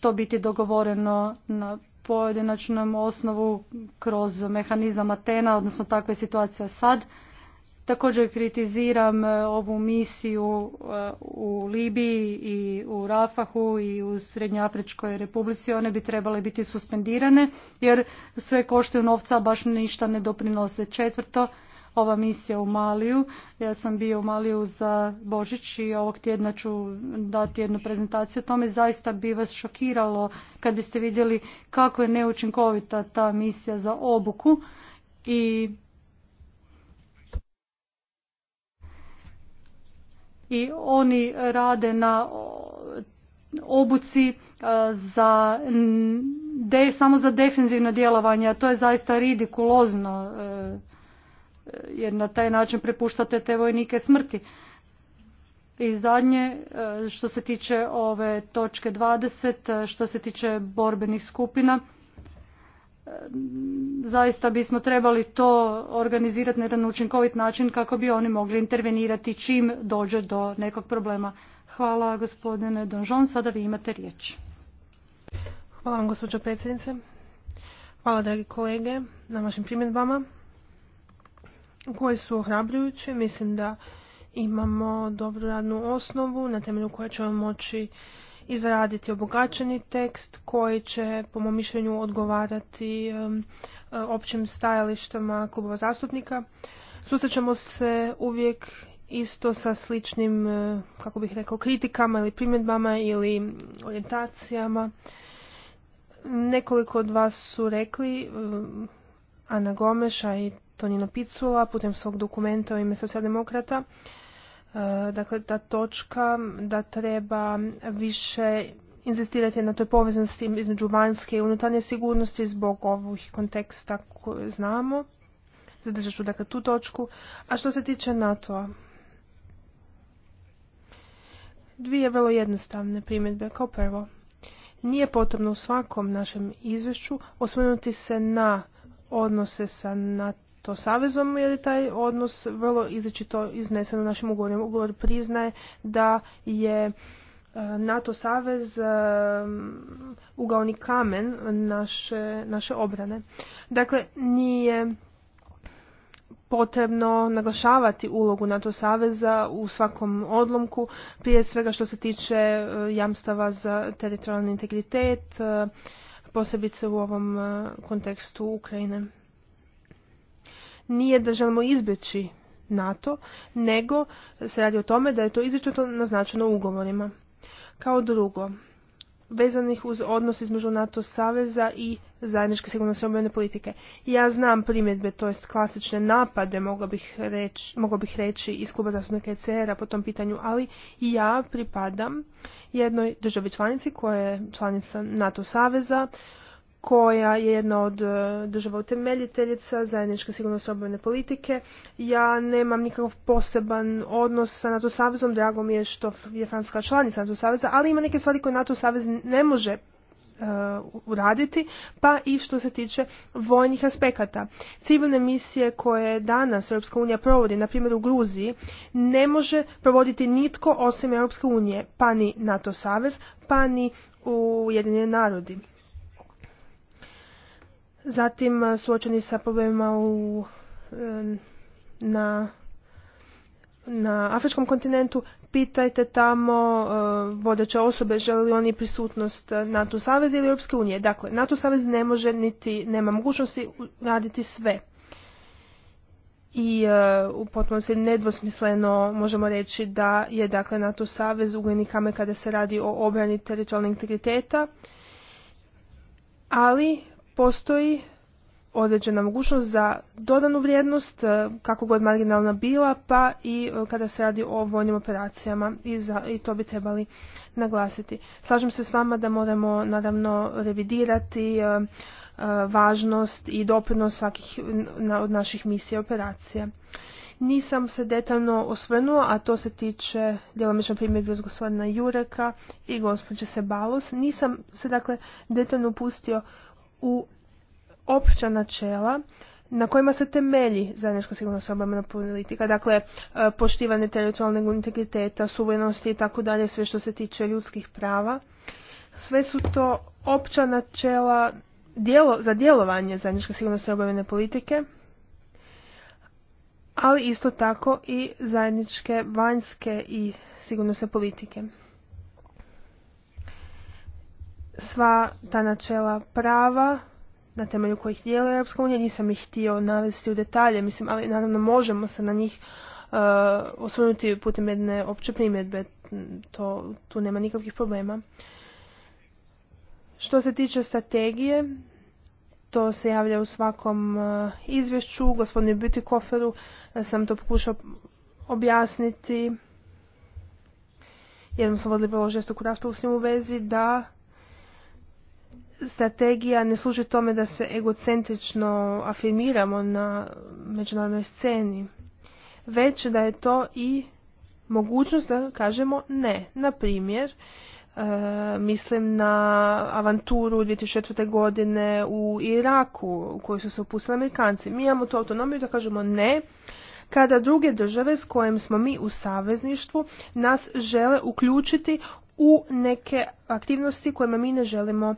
to biti dogovoreno na pojedinačnom osnovu kroz mehanizam Atena, odnosno takva je situacija sad. Također kritiziram e, ovu misiju e, u Libiji i u Rafahu i u Srednjoafričkoj republici. One bi trebale biti suspendirane jer sve koštaju novca, baš ništa ne doprinose. Četvrto, ova misija u Maliju. Ja sam bio u Maliju za Božić i ovog tjedna ću dati jednu prezentaciju o tome. Zaista bi vas šokiralo kad biste vidjeli kako je neučinkovita ta misija za obuku i i oni rade na obuci e, za de, samo za defenzivno djelovanje, a to je zaista ridikulozno e, jer na taj način prepuštate te vojnike smrti. I zadnje, e, što se tiče ove točke 20, što se tiče borbenih skupina, E, zaista bismo trebali to organizirati na jedan učinkovit način kako bi oni mogli intervenirati čim dođe do nekog problema. Hvala gospodine Donžon, sada vi imate riječ. Hvala vam gospođo predsjednice. Hvala dragi kolege na vašim primjedbama koje su ohrabrujuće. Mislim da imamo dobru radnu osnovu na temelju koje ćemo moći izraditi obogačeni tekst koji će po mom mišljenju odgovarati e, općim stajalištama klubova zastupnika. Susrećemo se uvijek isto sa sličnim, e, kako bih rekao, kritikama ili primjedbama ili orijentacijama. Nekoliko od vas su rekli, Ana Gomeša i Tonino Picula, putem svog dokumenta u ime socijaldemokrata, E, dakle ta točka da treba više inzistirati na toj povezanosti između vanjske i unutarnje sigurnosti zbog ovih konteksta koje znamo. Zadržat ću dakle tu točku. A što se tiče NATO-a? Dvije vrlo jednostavne primjedbe. Kao prvo, nije potrebno u svakom našem izvješću osvrnuti se na odnose sa NATO to savezom jer je taj odnos vrlo izričito iznesen u našim ugovorima. Ugovor priznaje da je e, NATO savez e, ugaoni kamen naše, naše obrane. Dakle, nije potrebno naglašavati ulogu NATO saveza u svakom odlomku, prije svega što se tiče e, jamstava za teritorijalni integritet, posebice u ovom kontekstu Ukrajine nije da želimo izbjeći NATO, nego se radi o tome da je to izričito naznačeno ugovorima. Kao drugo, vezanih uz odnos između NATO saveza i zajedničke sigurnosne obrane politike. Ja znam primjedbe, to jest klasične napade, mogla bih reći, bih reći iz kluba zastupnika ECR-a po tom pitanju, ali ja pripadam jednoj državi članici koja je članica NATO saveza, koja je jedna od e, država utemeljiteljica zajedničke sigurnosne obrane politike. Ja nemam nikakav poseban odnos sa NATO savezom, drago mi je što je Francuska članica NATO saveza, ali ima neke stvari koje NATO savez ne može e, uraditi, pa i što se tiče vojnih aspekata. Civilne misije koje danas Europska unija provodi, na primjer u Gruziji, ne može provoditi nitko osim Europske unije, pa ni NATO savez, pa ni Ujedinjeni narodi. Zatim e, suočeni sa problemima u, e, na, na afričkom kontinentu, pitajte tamo e, vodeće osobe žele li oni prisutnost NATO savez ili Europske unije. Dakle, NATO savez ne može niti nema mogućnosti raditi sve. I u potpunosti nedvosmisleno možemo reći da je dakle NATO savez ugljeni kamen kada se radi o obrani teritorijalnog integriteta, ali postoji određena mogućnost za dodanu vrijednost, e, kako god marginalna bila, pa i e, kada se radi o vojnim operacijama i, za, to bi trebali naglasiti. Slažem se s vama da moramo naravno revidirati e, važnost i doprinos svakih od naših misija i operacija. Nisam se detaljno osvrnuo, a to se tiče djelomično primjer uz gospodina Jureka i gospođe Sebalos. Nisam se dakle detaljno upustio u opća načela na kojima se temelji zajednička sigurnost obrambena politika, dakle e, poštivanje teritorijalnog integriteta, suverenosti i tako dalje, sve što se tiče ljudskih prava. Sve su to opća načela za djelovanje zajedničke sigurnosti obrambene politike, ali isto tako i zajedničke vanjske i sigurnosne politike sva ta načela prava na temelju kojih dijela Europska unija, nisam ih htio navesti u detalje, mislim, ali naravno možemo se na njih uh, osvrnuti putem jedne opće primjedbe, to, tu nema nikakvih problema. Što se tiče strategije, to se javlja u svakom uh, izvješću, gospodinu Butikoferu uh, sam to pokušao objasniti, jednom sam vodili vrlo žestoku raspravu s njim u vezi, da strategija ne služi tome da se egocentrično afirmiramo na međunarodnoj sceni, već da je to i mogućnost da kažemo ne. Na primjer, e, mislim na avanturu 2004. godine u Iraku u kojoj su se opustili Amerikanci. Mi imamo tu autonomiju da kažemo ne kada druge države s kojim smo mi u savezništvu nas žele uključiti u neke aktivnosti kojima mi ne želimo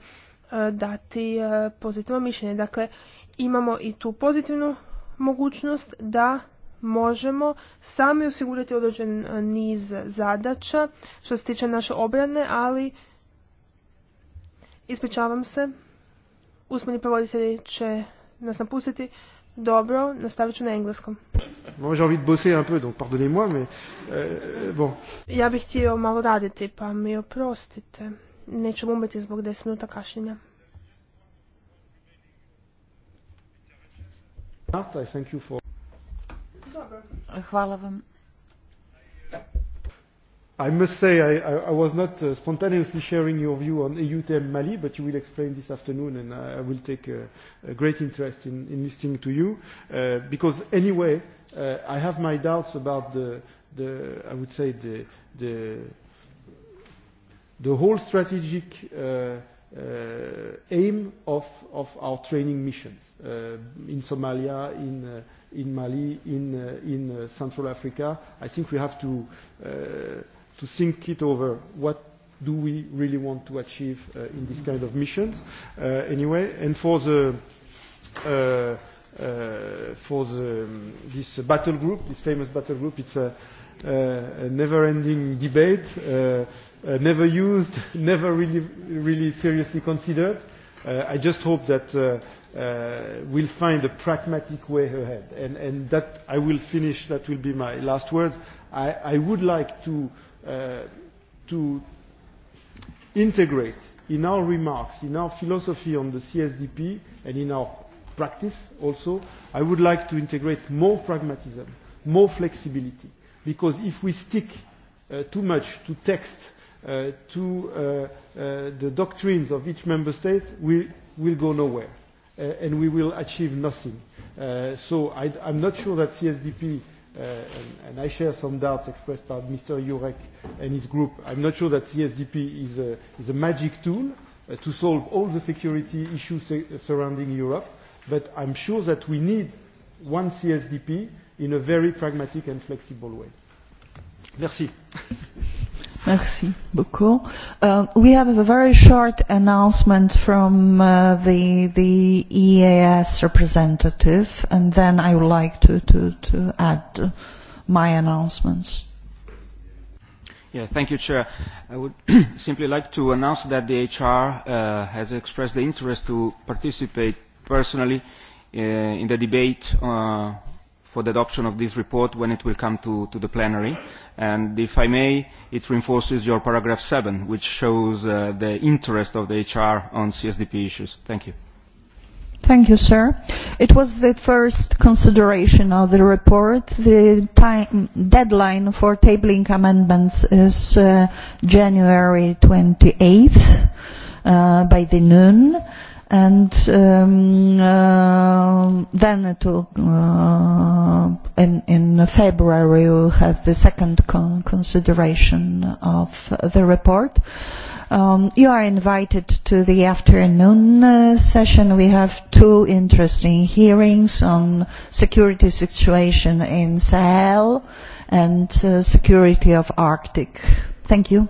Eh, dati eh, pozitivno mišljenje. Dakle, imamo i tu pozitivnu mogućnost da možemo sami osigurati određen eh, niz zadaća što se tiče naše obrane, ali ispričavam se, usmeni provoditelji će nas napustiti. Dobro, nastavit ću na engleskom. Ja bih htio malo raditi, pa mi oprostite nećemo umjeti zbog 10 minuta kašnjenja. Hvala vam. I must say I, I, I was not uh, spontaneously sharing your view on EUTM Mali, but you will explain this afternoon and I, I will take a, a great interest in, in listening to you. Uh, because anyway, uh, I have my doubts about the, the I would say, the, the the whole strategic uh, uh, aim of, of our training missions uh, in Somalia, in, in Mali, in, in Central Africa. I think we have to, to think it over. What do we really want to achieve uh, in this kind of missions uh, anyway and for the uh, uh, for the, um, this battle group this famous battle group it's a a never ending debate never used [laughs] never really really seriously considered uh, i just hope that uh, uh, we'll find a pragmatic way ahead and and that i will finish that will be my last word i i would like to to integrate in our remarks in our philosophy on the csdp and in our practice also i would like to integrate more pragmatism more flexibility because if we stick uh, too much to text uh, to uh, the doctrines of each member state we will go nowhere and we will achieve nothing. so I I'm not sure that CSDP and I share some doubts expressed by Mr Jurek and his group I'm not sure that CSDP is a is a magic tool to solve all the security issues surrounding Europe but I'm sure that we need one CSDP in a very pragmatic and flexible way. Merci. Merci beaucoup. Uh, we have a very short announcement from uh, the, the EAS representative, and then I would like to, to, to add my announcements. Yeah, thank you, Chair. I would [clears throat] simply like to announce that the HR uh, has expressed the interest to participate personally uh, in the debate uh, for the adoption of this report when it will come to, to the plenary. And if I may, it reinforces your paragraph 7, which shows uh, the interest of the HR on CSDP issues. Thank you. Thank you, sir. It was the first consideration of the report. The time, deadline for tabling amendments is uh, January 28th uh, by the noon and um, uh, then it will uh, in, in February we will have the second con consideration of the report. Um, you are invited to the afternoon uh, session. We have two interesting hearings on security situation in Sahel and uh, security of Arctic. Thank you.